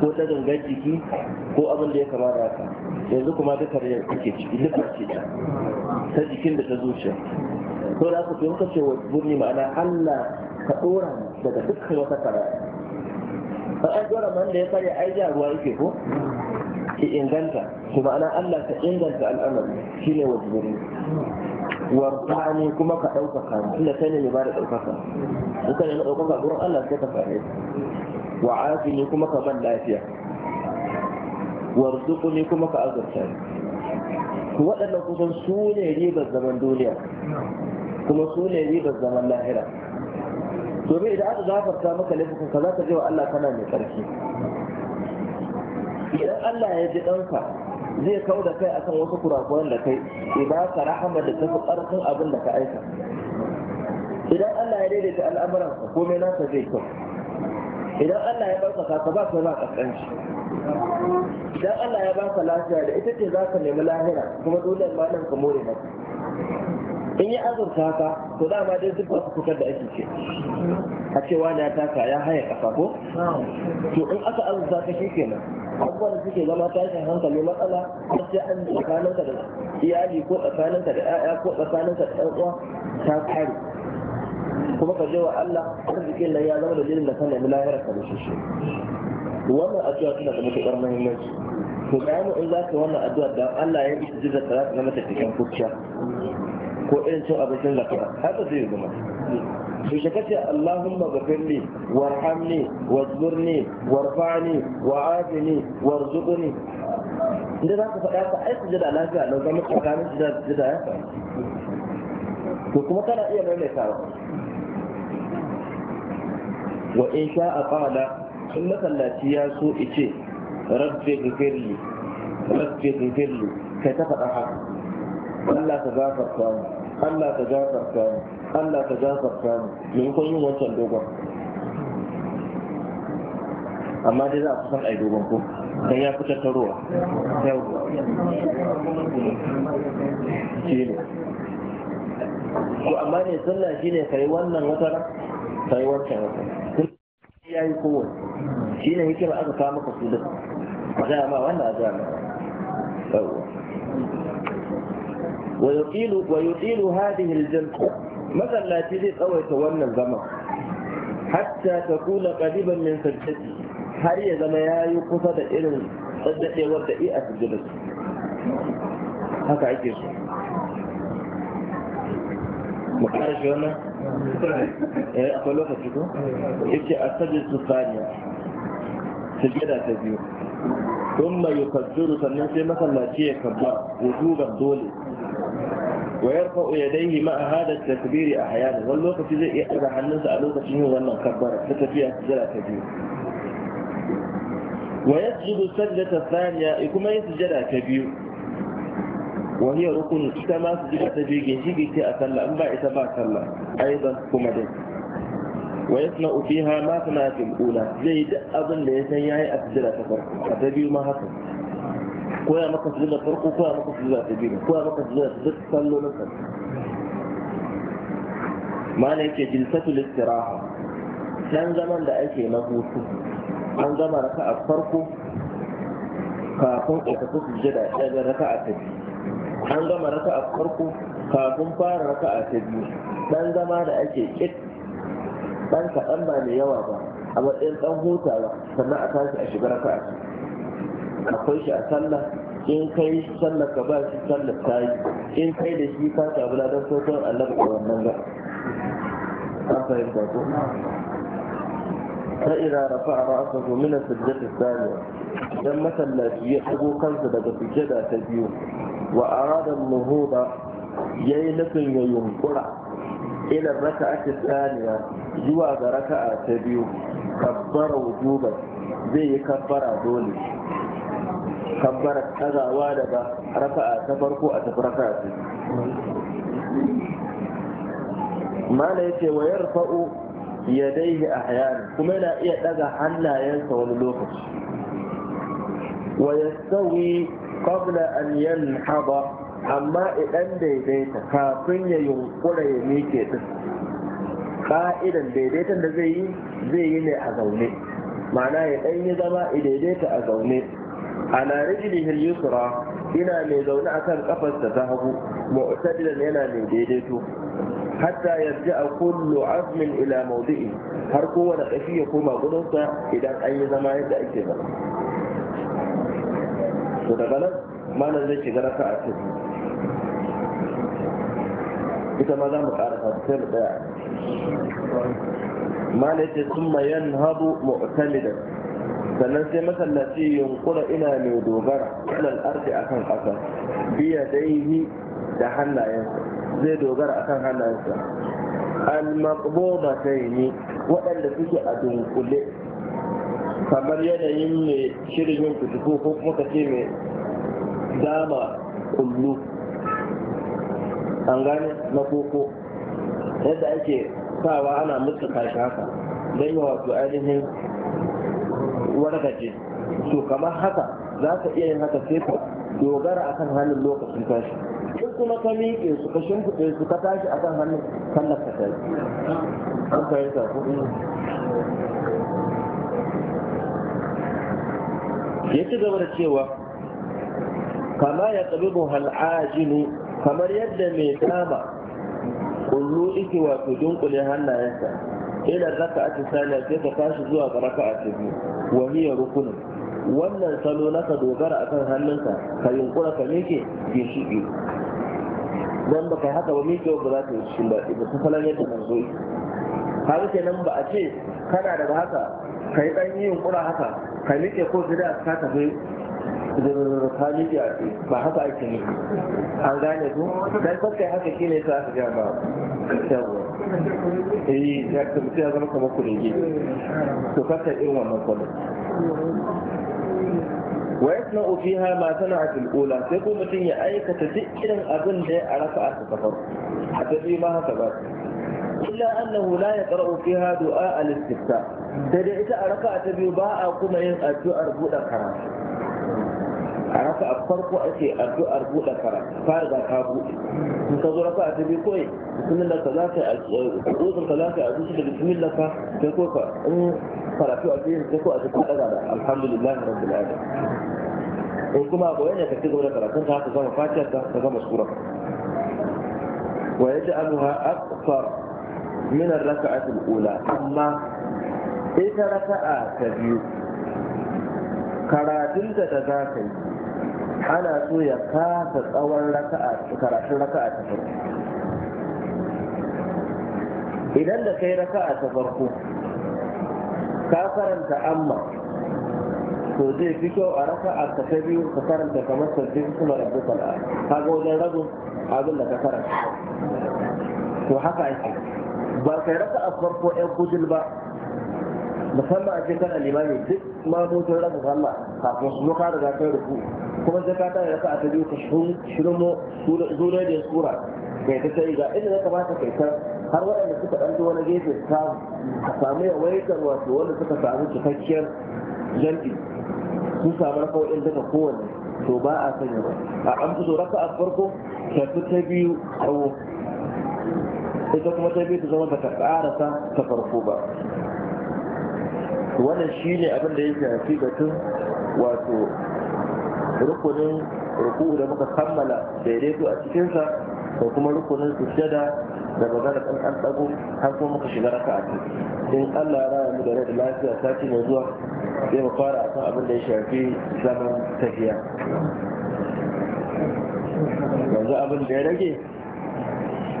ko ta gangar jiki ko abin da ya kama da haka yanzu kuma duk karaya ake ciki duka ce ta ta jikin da ta zuciya Ko da aka fiye kace wa burni ma'ana Allah ka tsora daga dukkan wata karaya ba an tsora man da ya karya ai ruwa yake ko Ki inganta to ma'ana Allah ka inganta al'amari shine wa jibril warfani kuma ka ɗaukaka ni tunda kai ne mai ba da ɗaukaka in ka nemi ɗaukaka gurin Allah sai ka same wa afini kuma ka ban lafiya warzuquni kuma ka azurta ni to waɗannan kusan su ne ribar zaman duniya kuma su ne ribar zaman lahira domin idan aka gafarta maka laifukan ka za ka je wa Allah kana mai ƙarfi idan Allah ya ji ɗanka zai kau da kai akan wasu kurakuran da kai idan ka rahama da tafi ƙarfin abin da ka aika idan Allah ya daidaita al'amuran ka komai nasa zai kyau idan Allah ya ɗaukaka ka ka ba ka ba ƙasƙanci idan Allah ya baka lafiya da ita ce za ka nemi lahira kuma dole ma nan ka more maka in yi azurta ka to dama dai duk wasu fitar da ake ce a ce wani ya taka ya haya kafa ko to in aka arzuta ka shi kenan abubuwan da suke zama tashin hankali matsala har ce an tsakaninka da iyali ko tsakaninka da 'ya'ya ko tsakaninka da 'yan uwa ta kare kuma ka je wa Allah arzikin nan ya zama da jinin da kan nemi lahirar ka da shi wannan addu'a tana da matuƙar muhimmanci to bayan in za ka wannan addu'a da Allah ya yi jizar da za ka zama tafiyan kuciya ko irin cin abincin kaɗa haka zai zama su shi kace Allahumma ghafirli warhamni wazburni warfani wa'afini warzuqni inda za ka faɗa ka aiki jira lafiya lau zama tsakanin sujada sujada ya faru to kuma kana iya ba. wa in sha a qala in masallaci ya so ice rabbi ghafirli rabbi ghafirli kai ta faɗa haka Allah ka gafarta mu Allah ka gafarta mu Allah ka gafarta mu me kun yin wancan dogon amma dai za a kusan ai dogon ko dan ya fita ta yau ko ne amma ne sallah shine kai wannan wata kai wancan wata ya yi kowane shi ne hikima aka kawo maka su da ma wannan a jami'a yawwa wa yutilu wa yutilu hadhihi masallaci zai tsawaita wannan zama hatta takuna qariban min sajdati har ya zama yayi kusa da irin saddadewar da iya sujudin haka ake so mu kare shi wannan eh akwai lokaci ko yace as-sajdatu thaniya sujada ta biyu sannan sai masallaci ya kabbar wujuban dole ويرفع يديه مع هذا التكبير أحيانا والوقت زي يأذى حنوس ألوك شنو ولا كبر فيها سجل كبير ويسجد السجدة الثانية ما يسجد كبير وهي ركن كما سجد تبيج يشيك كي أما إتبع سلى أيضا كما دي ويسمع فيها ما سمع في الأولى زيد أظن ليس يعي أسجد تبيج ما حصل koya maka su da farko koya maka su da biyu koya maka su da duk sallolin ka mana yake jilsatul istiraha dan zaman da ake na hutu an gama raka a farko kafin a tafi sujjada ɗaya da raka a tafi an gama raka a farko kafin fara raka a ta biyu dan zama da ake kit dan kaɗan ba mai yawa ba a matsayin dan hutawa sannan a tashi a shiga raka a akwai shi a sallah in kai Sallah ka ba shi sallah ta yi in kai da shi ka samu ladan sokon Allah da wannan ba an fahimta ko ta ira rafa a ra'asa ko mina sajjata don dan masallaci ya dago kansa daga sujjada ta biyu wa arada ya yayi nufin ya yunkura ila raka'ati saniya zuwa ga raka'a ta biyu kabbara wujuban zai yi kabbara dole kabbara tagawa daga raka'a ta farko a tafi raka'a ta mala yace wa yarfa'u yadayhi ahyana kuma yana iya daga hannayensa wani lokaci wa yastawi qabla an yanhaba amma idan daidaita kafin ya yunkura ya miƙe din ka'idan daidaitan da zai yi zai yi ne a zaune ma'ana ya ɗan yi zama daidaita a zaune ala rijlihi al-yusra ina mai zaune akan kafarsa ta hagu mu'tadilan yana mai daidaito hatta a kullu azmin ila mawdi'i har kowane kashi ya koma gudunsa idan an yi zama yadda ake zama to daga nan malam zai shiga raka a cikin ita ma za mu ƙara sai mu tsaya malam ya ce sun mayan habu mu'tadilan sannan sai masallaci yunkura ina mai dogara ilal ardi akan kasa biya daihi da hannayensa zai dogara akan hannayensa al ni. waɗanda suke a dunkule kamar yanayin mai shirin yin ko kuma ka ce mai dama kullu an gane na koko yadda ake sawa ana mutsuka kashi haka don yi wato ainihin wargaje to kamar haka za ka iya yin haka sai ka dogara akan hannun lokacin tashi in kuma ka miƙe su ka shimfiɗe su ka tashi akan hannun sallar ka tashi an fahimta ko ya ci gaba da cewa kama ya tsabibu hal'ajinu kamar yadda mai dama kullu iki wato dunkule hannayensa ila raka'ati saniya sai ka tashi zuwa ga raka'a ta biyu wa hiya rukunin wannan salo na ka dogara akan hannunka ka yunkura ka miƙe ke shige dan ba kai haka ba miƙe ba za ta yi shi daɗi ba ta salon yadda manzo yi har kenan ba a ce kana daga haka ka yi ɗan yi yunkura haka ka miƙe ko da ka tafi khalidi a ce ba haka ake ne an gane su dan fakka haka shi ne sa aka ga ba yawa eh ya ta mutu ya zama kamar kurege to fakka irin wannan kwallo wa yasna fiha ma sana'at al-ula sai ko mutum ya aikata duk irin abin da ya arafa a safar a tabi ma haka ba illa annahu la yaqra'u fiha du'a al-istifta sai dai ita a raka'a ta biyu ba a kuma yin addu'ar buɗe karatu a raka a farko ake addu'ar buɗe fara ka riga ka buɗe in ka zo raka a ta biyu kawai bismillah ka za ka ƙoƙar ka za ka a zuci da bismillah ka sai ko ka in karatu a biyu sai ko a ta kaɗa da alhamdulillah rabbil alamin in kuma goye ne ka ci gaba da karatun ka haka gama fatiha ka ka gama sura wa yaj'aluha akthar min ar-rak'ati al-ula amma ita raka'a ta biyu karatun ta za ka yi ana so ya kasa tsawon karatun raka'a ta farko idan da kai raka'a ta farko ka karanta amma to zai fi kyau a raka'a ka ta biyu ka karanta kamar sabbin kuma rabbi kal'a kaga wajen rabu abin da ka karanta to haka ake ba kai raka'a farko yan kujil ba musamman a cikin alimami duk ma mutum rasa sallah kafin su zo ka riga kai kuma sai ka ta da raka'a ta biyu ka shirmo zuwa da sura kai ta sai ga inda ya kamata kai ta har waɗanda suka ɗan wani gefe samu ka samu yawaitar wato wanda suka samu cikakkiyar jam'i sun samu raka'o'in daga kowanne to ba a sanya ba a an fito raka'a farko ta fi ta biyu tsawo ita kuma ta biyu ta zama bata karasa ta farko ba wannan shi ne abin da ya shafi batun wato rukunin ruku da muka kammala daidaito a cikinsa da kuma rukunin sujjada da magana ɗan ɗan ɗago har kuma muka shiga raka a in allah ya mu da rai da lafiya sati mai zuwa zai mu fara akan abin da ya shafi zaman tafiya yanzu abin da ya rage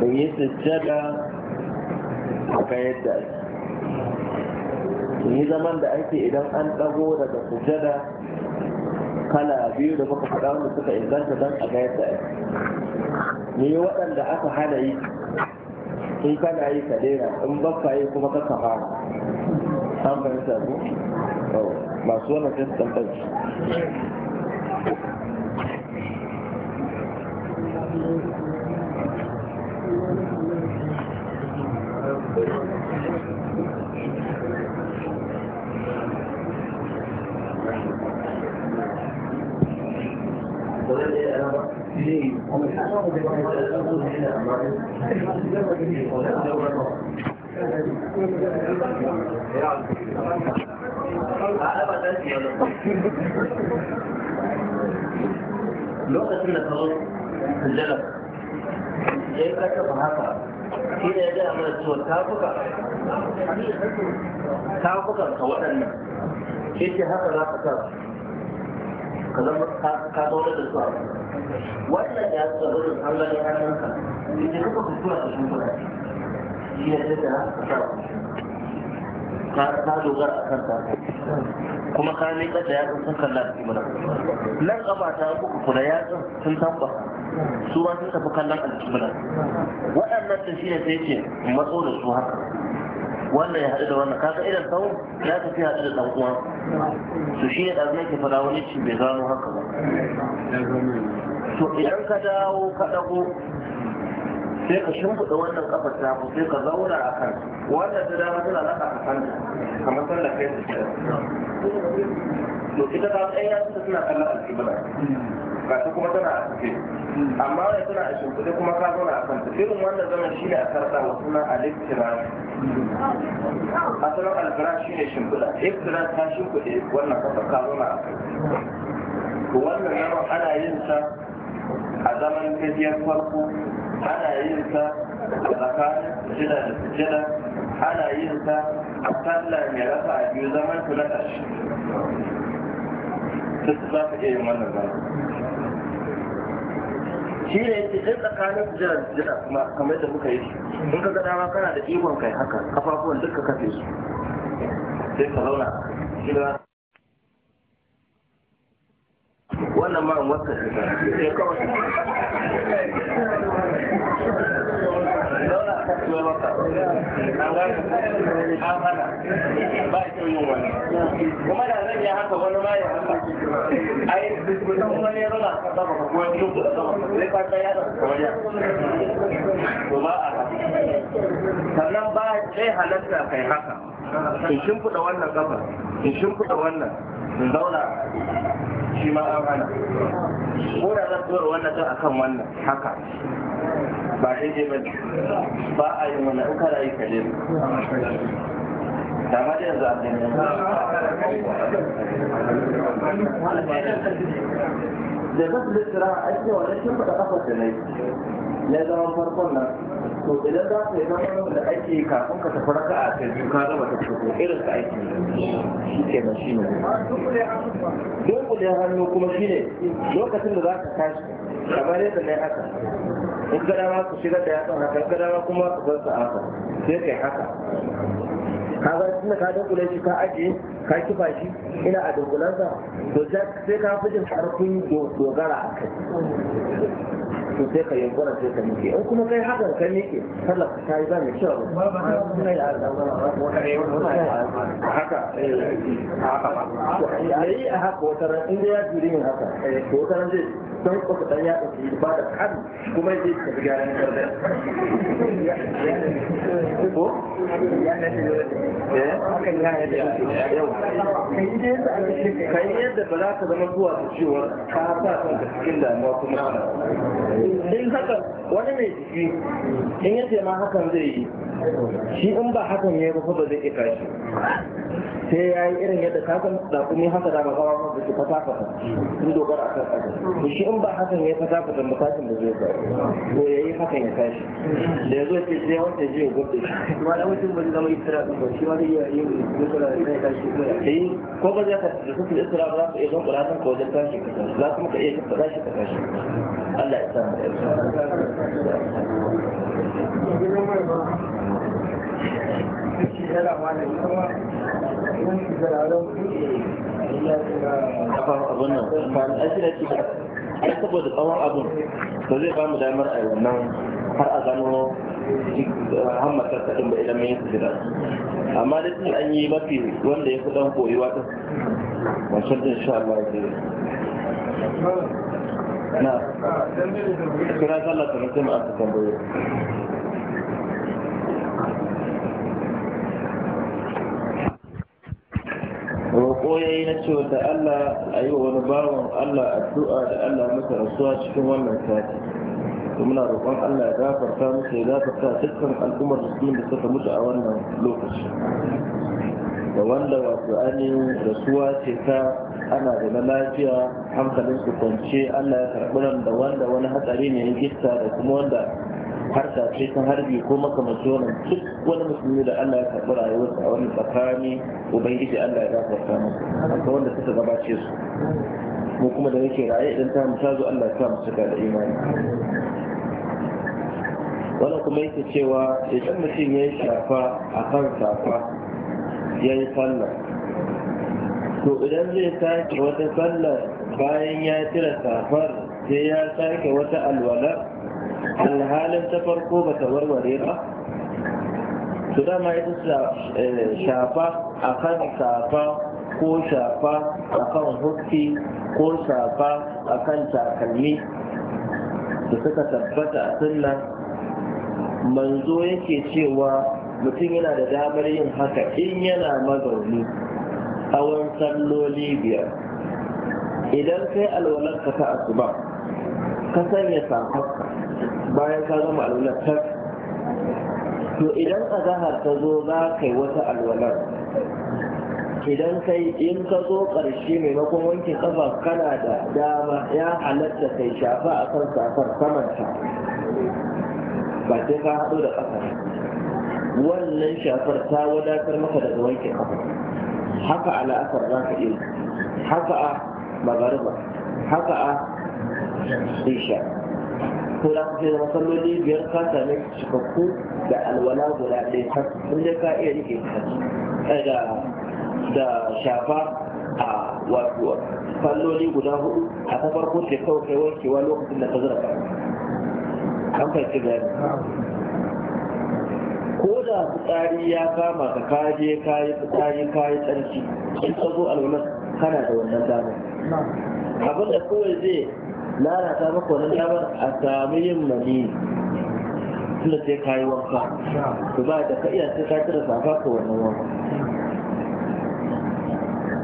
da yi sujjada a kayar da ake yi zaman da ake idan an ɗago daga sujjada kala biyu da kuka faɗa wanda suka inganta don a ga yadda ake ne waɗanda aka hana yi in kana yi ka daina in baka yi kuma ka kafa an fahimta ko masu wannan sai su tambaci Thank you. lokacin da kawo sujjala ya yi kasa ba haka shi ne ya gaya mana cewa tafuka tafukan ka waɗannan shi haka za ka sa ka zama ka zaune da su a wannan ya su zaune da ɓangaren hannunka idan ka kafa zuwa da shimfiɗa shi ya ne da ka sa ka dogara a kan taka kuma ka miƙar da ya sun kalla a kimar nan ƙafa ta uku kula yatsun sun tamba su ba sun tafi kallon alkimar waɗannan da shi ne sai ce matso da su haka wannan ya haɗu da wannan kaga irin sau ya tafi haɗu da ɗan uwan su shi ne ɗazin ke fara wani ci bai gano haka ba to idan ka dawo ka ɗago sai ka shimfiɗa wannan kafar ta ku sai ka zauna a kan wannan ta dama tana nan a kasan kamar sallar kai su to ita ta tsaye ta suna kallon alƙibla ga ta kuma tana a tafe amma wani tana a shimfiɗe kuma ka zauna a kanta irin wannan zaman shi ne a na wa suna A asalin alfira shi ne shimfiɗa lektirar ta shimfiɗe wannan kasar ka zauna a kanta wannan zaman ana yin sa a zaman gajiyar farko ana yin sa a tsakanin sujada da ana yin sa a sallah mai rasa a biyu zaman su na ƙarshe. Sai za ka iya yin wannan zaman. shi ne yake ɗin tsakanin sujada jira, kuma kamar da muka yi Mun ka ga dama kana da ikon kai haka kafafuwan duka kafe su sai ka zauna shi da wannan ma wata sai kawai kasuwa maka an gane an yin kuma zan wani kuma ka kai ka sannan ba zai halatta kai haka in kuɗa wannan kafa in kuɗa wannan in zauna shi ma an hana ko da zan tura wannan akan wannan haka ba daidai ba ba a yi wani uka rayu kaje da ma yanzu a da zasu littara a ake wani cin faɗa kafar da nai na zaman farkon nan to idan za ka yi zaman da ake kafin ka tafi raka a ta biyu ka gama ta fito irin ka aiki shi ke na shi ne dunkulin hannu kuma shi ne lokacin da za ka tashi kamar yadda na yi haka in gadawa ku shigar da yatsun haka gadawa kuma ku bar su haka sai kai haka ka ga tunda ka dunkule shi ka ajiye ka kifa shi ina a dunkulansa to sai ka fi jin karfin dogara a kai to sai ka yunkura sai ka miƙe in kuma kai hakan ka miƙe sallar ka yi ba mai kyau haka yayi a haka wata ran in ya juri min haka to wata ran zai san kwasa dan ya ɗauki ba da kan kuma zai tafi gyaran karda ko kai yadda ba za ka zama zuwa da cewa ka sa kanka cikin damuwa kuma in haka wani mai jiki in yace ma hakan zai yi shi in ba hakan ya ba ba zai iya tashi sai ya yi irin yadda kakan da kuma haka da magawa ma ba su fata fata sun dogara a kan ƙasa shi in ba hakan ya fata fata ba tashin da zai faru ko ya yi hakan ya kashi. da ya zo ce sai wata ji ya gwabta shi kuma da mutum ba zai zama istira ba shi ma zai iya yin istira da ya tashi ko ya eh, ko ba zai ka da kuma istira ba za ka iya zan ƙuranin ka wajen kashi ka tashi za kuma ka iya ka tashi ka kashi. Allah ya samu ai saboda tsawon abin da zai ba damar a wannan har a gano hammatar kaɗin ba idan mai yin amma da tun an yi mafi wanda ya fi ɗan koyuwa da wancan din sha Allah ya na kira sallah ta sai mu aka tambaye roƙo ya yi na cewa da Allah a yi wa wani bawan Allah addu'a da Allah masa rasuwa cikin wannan sati muna roƙon Allah ya gafarta musu ya gafarta dukkan al'ummar musulmin da suka mutu a wannan lokaci da wanda wato ainihin rasuwa ce ta ana da na lafiya hankalin su kwance Allah ya karɓi nan da wanda wani hatsari ne ya gista da kuma wanda harka ce ta harbi ko makamashi wannan duk wani musulmi da Allah ya karɓi rayuwarsa a wani tsakani ubangiji Allah ya gafarta mu akwai wanda suka gabace su mu kuma da yake raye idan ta mutu zo Allah ya mutu da imani wannan kuma yake cewa idan mutum ya yi shafa a kan safa ya yi sallah to idan zai sake wata sallar bayan ya cire safar sai ya sake wata alwala alhalin ta farko ba ta warware ba da dama ita eh, shafa a kan safa ko shafa a kan hukki ko shafa a kan takalmi da suka tabbata a sunna manzo yake cewa mutum yana da damar yin haka in yana mazauni tsawon salloli biyar idan kai alwalarka ta asuba ka sanya safar, bayan ka gama ta to idan a zahar ta zo za ka yi wata alwalar idan kai in ka zo ƙarshe maimakon wanke kafa kana da dama ya halatta kai shafa a kan safar samanta ba sai ka haɗu da ƙasa wannan shafar ta wadatar maka daga wanke kafa haka a la'asar za ka iya haka a magariba haka a isha ko da kusa da masalloli biyar ka same cikakku da alwala guda ɗaya ta in dai ka iya rike ta eh, da da shafa a wato falloli guda hudu a ta farko ce kawai kai wankewa lokacin da ka zura an fahimci gani ko da fitsari ya kama ka kaje kayi fitsari kayi tsarki in ka zo alwalar kana da wannan damar abin da kawai zai lalata maka wannan damar a sami yin mani tunda sai kayi wanka to ba da ka iya sai ka tira safa ka wannan wanka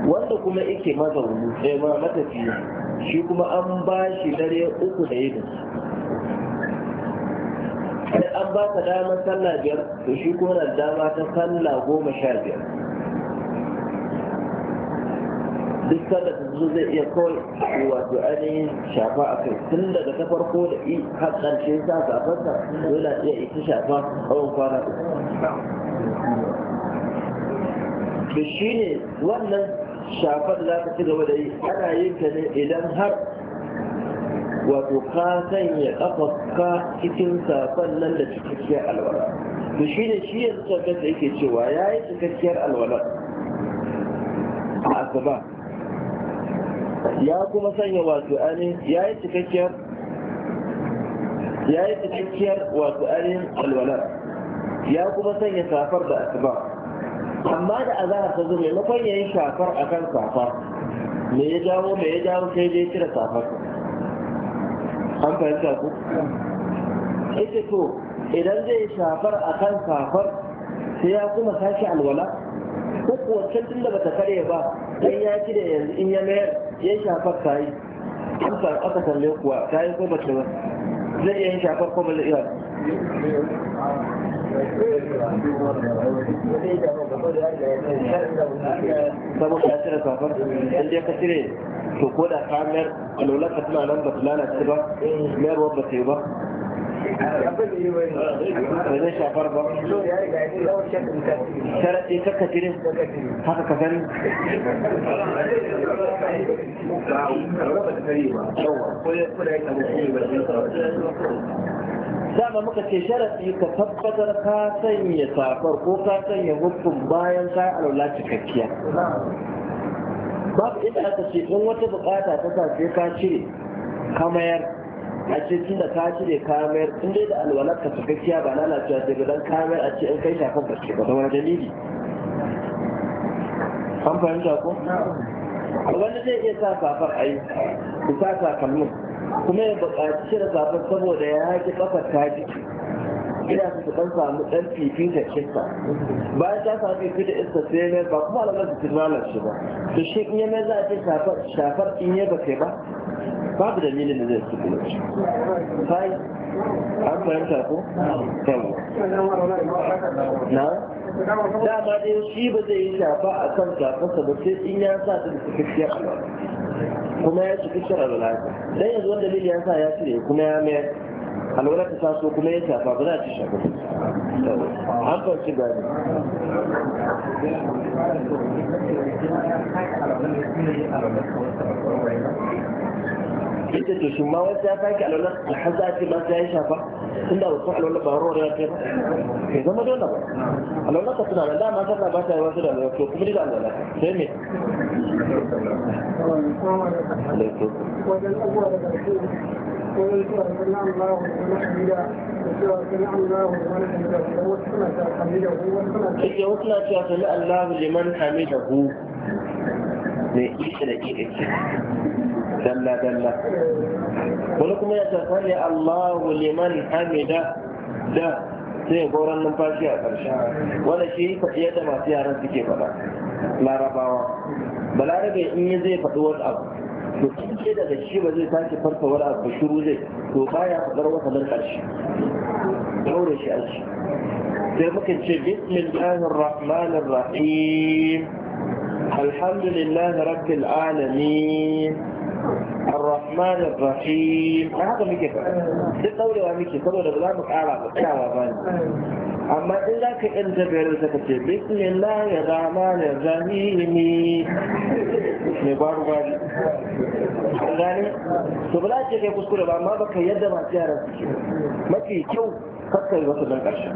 wanda kuma yake mazauni sai eh, ma matafiya shi kuma an ba shi dare uku da su ba ka damar sallah biyar to shi ko na dama ta sallah goma sha biyar duk sallah ta zo zai iya kawai wato ainihin shafa a kai tun daga ta farko da i har ƙarshe sa kafarsa yana iya ita shafa tsawon kwana uku to shi ne wannan shafar za ka ci gaba da yi ana yin ta ne idan har wato ka sanya kafarka cikin safan nan da cikakkiyar alwala to shi ne shi yanzu tabbata yake cewa ya yi cikakkiyar alwala a asuba ya kuma sanya wato ainihin ya yi cikakkiyar ya yi cikakkiyar wato ainihin alwala ya kuma sanya safar da asuba amma da azahar ta zo maimakon ya yi safar akan safa me ya jawo me ya jawo sai dai cire safar an fahimta ku ita to idan zai shafar a kan safar sai ya kuma sashi alwala ko kuwa can tun da bata kare ba dan ya ci da yanzu in ya mayar ya shafar ta yi an fara aka kalle kuwa ta yi ko bata ba zai iya yin shafar ko bala iya saboda ya cire safar inda ya ka cire to ko da ka mayar alwala ka tana nan ba ta lalace ba mayar ba ta yi ba ba zai shafar ba sharaɗi kakka tire haka ka sani dama muka ce sharaɗi ka tabbatar ka sanya safar ko ka sanya hukun bayan ka alwala cikakkiya babu inda aka ce in wata bukata ta sa sai ka cire kamayar a ce tun da ka cire kamayar tun dai da alwalar ka sakakkiya ba lalacewa sai ga dan kamayar a ce in kai shafan ba ce ba da wani dalili an fahimta ko wanda zai iya sa safar a yi ku sa takalmin kuma ya buƙaci cire safar saboda ya haƙi ƙafar ta jiki ina su dan samu ɗan dan fifita iska bayan ta samu fifita iska sai mai ba kuma alamar da tilmalar shi ba to shi in ya mai za a ce shafar in ya ba kai ba babu dalilin da zai su kula shi sai an fahimta ko yawa na dama dai shi ba zai yi shafa a kan shafarsa ba sai in ya sa ta da cikakkiyar kuma ya cikakkiyar alwala dan yanzu wanda lili ya sa ya cire kuma ya mayar alwala ta taso kuma ya shafa ba za a ci shafa an fahimci gani ita to shin ma wasu ya faki alwala da har za a ce ba ta yi shafa tun da wasu alwala ba ruwa ya ce ba ya zama dole ba alwala ka tuna da dama sallah ba ta yi wasu da alwala to kuma da alwala sai me wajen abubuwa da قلت سمع الله لمن حمده سمع الله لمن حمده وسمع mai isa da ke dalla dalla wani kuma ya tafi ne Allahu liman hamida da sai ya goron numfashi a ƙarshe wanda shi faɗi yadda masu yaran suke faɗa larabawa balarabe in yi zai faɗi wani abu to in ce daga shi ba zai tashi farka wani abu shiru zai to baya fadar wata nan ƙarshe daure shi aji sai muka ce bismillahir rahmanir rahim alhamdulillahi rabbil alamin الرحمن الرحيم هذا ميكي فعلا دي قولي واميكي قولي بلا مقعرة بقعرة باني amma in za ka irin ta biyar da ka ce bismillah ya zama da zahimi mai gwaru gwaru an gane to ba za ce kai kuskure ba amma ba ka yadda masu yaran su ke mafi kyau kakka yi wasu don ƙarshe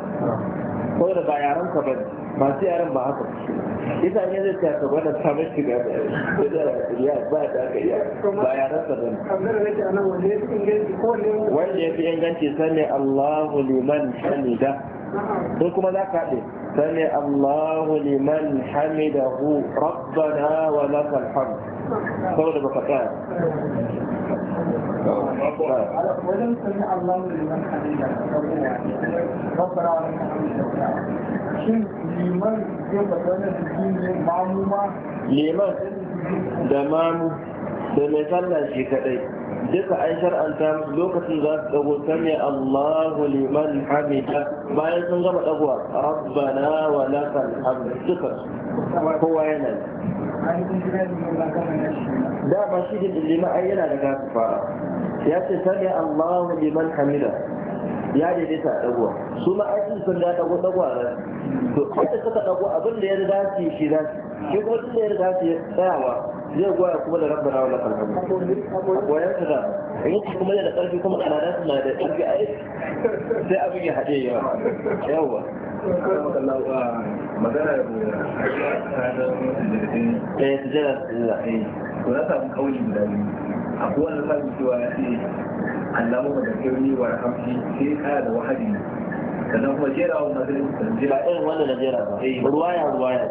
ko da ba yaran ka ba masu yaran ba haka ita ne zai ta gaba da samun shiga da ya ba da aka yi ba yaran ka ba wanda ya fi inganci sani Allahu liman hamida ko kuma za ka haɗe sami Allahu liman hamidahu rabbana wa lakal hamd saboda baka tsaya wajen sami Allahu liman shin liman zai fata wani jiki ne mamu ma liman da mamu da mai sallah shi kadai duka an shar'anta musu lokacin za su dago sami Allahu liman hamida bayan sun gama dagowa rabbana wa lakal hamd duka kowa yana da ba shi da liman ai yana da gasu fara ya ce sami Allahu liman hamida ya daidaita a dagowa su ma ai sun da dago dagowa za to ai suka dago abin da ya riga shi shi za shi kuma tun da ya riga shi tsayawa zai goya kuma da rabba na wani kalmar goyon ka ga yanki kuma da karfi kuma kanana suna da karfi a sai abin ya haɗe yawa yawa magana da ɗaya su jira su jira to na samu kauli guda biyu akwai wani samun cewa ya ce allamu da kirni wa rahamshi sai kaya da wahabi sannan kuma jera wa jira irin wanda na jera ba eh. ruwaya ruwaya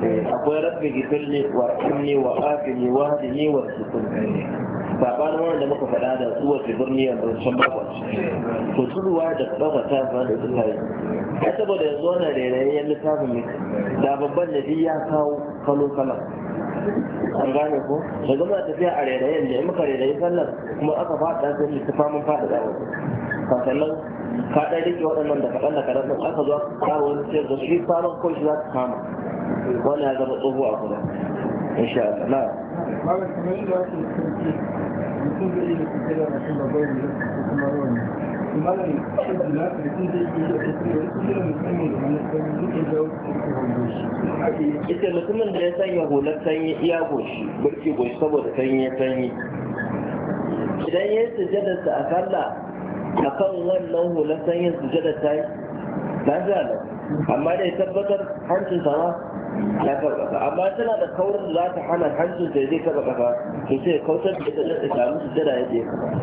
ce eh, akwai rabbi gifirni wa inni wa afini wa hadini wa sukun eh. sabanin da muka faɗa da su wace birni yanzu can babu to su ruwa da baka ta ba da su tare ai saboda yanzu wannan rairayen littafin ne da babban da ya kawo kalo kala an gane ko da zama tafiya a rairayen da muka rairayi sallar kuma aka faɗa sai su famun faɗa da wasu kasannan ka ɗaya rike waɗannan da kaɗan da kaɗan ɗin aka zo aka kawo wani sai da shi sabon kawai shi za ka kama wani ya zama tsoho a kuma insha Allah na ita mutumin da ya sanya hular sanyi iya goshi barci goshi saboda sanyi ya sanyi idan ya sujada sa a sallah a wannan hular san yin sujada ta yi na zala amma dai tabbatar hancin sama ya karɓa amma tana da kaurin za ta hana hancin da zai karɓa ƙasa to sai ya kautar da ita da samu sujada ya je karɓa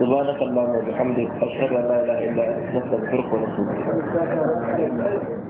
سبحانك اللهم وبحمدك أشهد أن لا إله إلا أنت نستغفرك ونتوب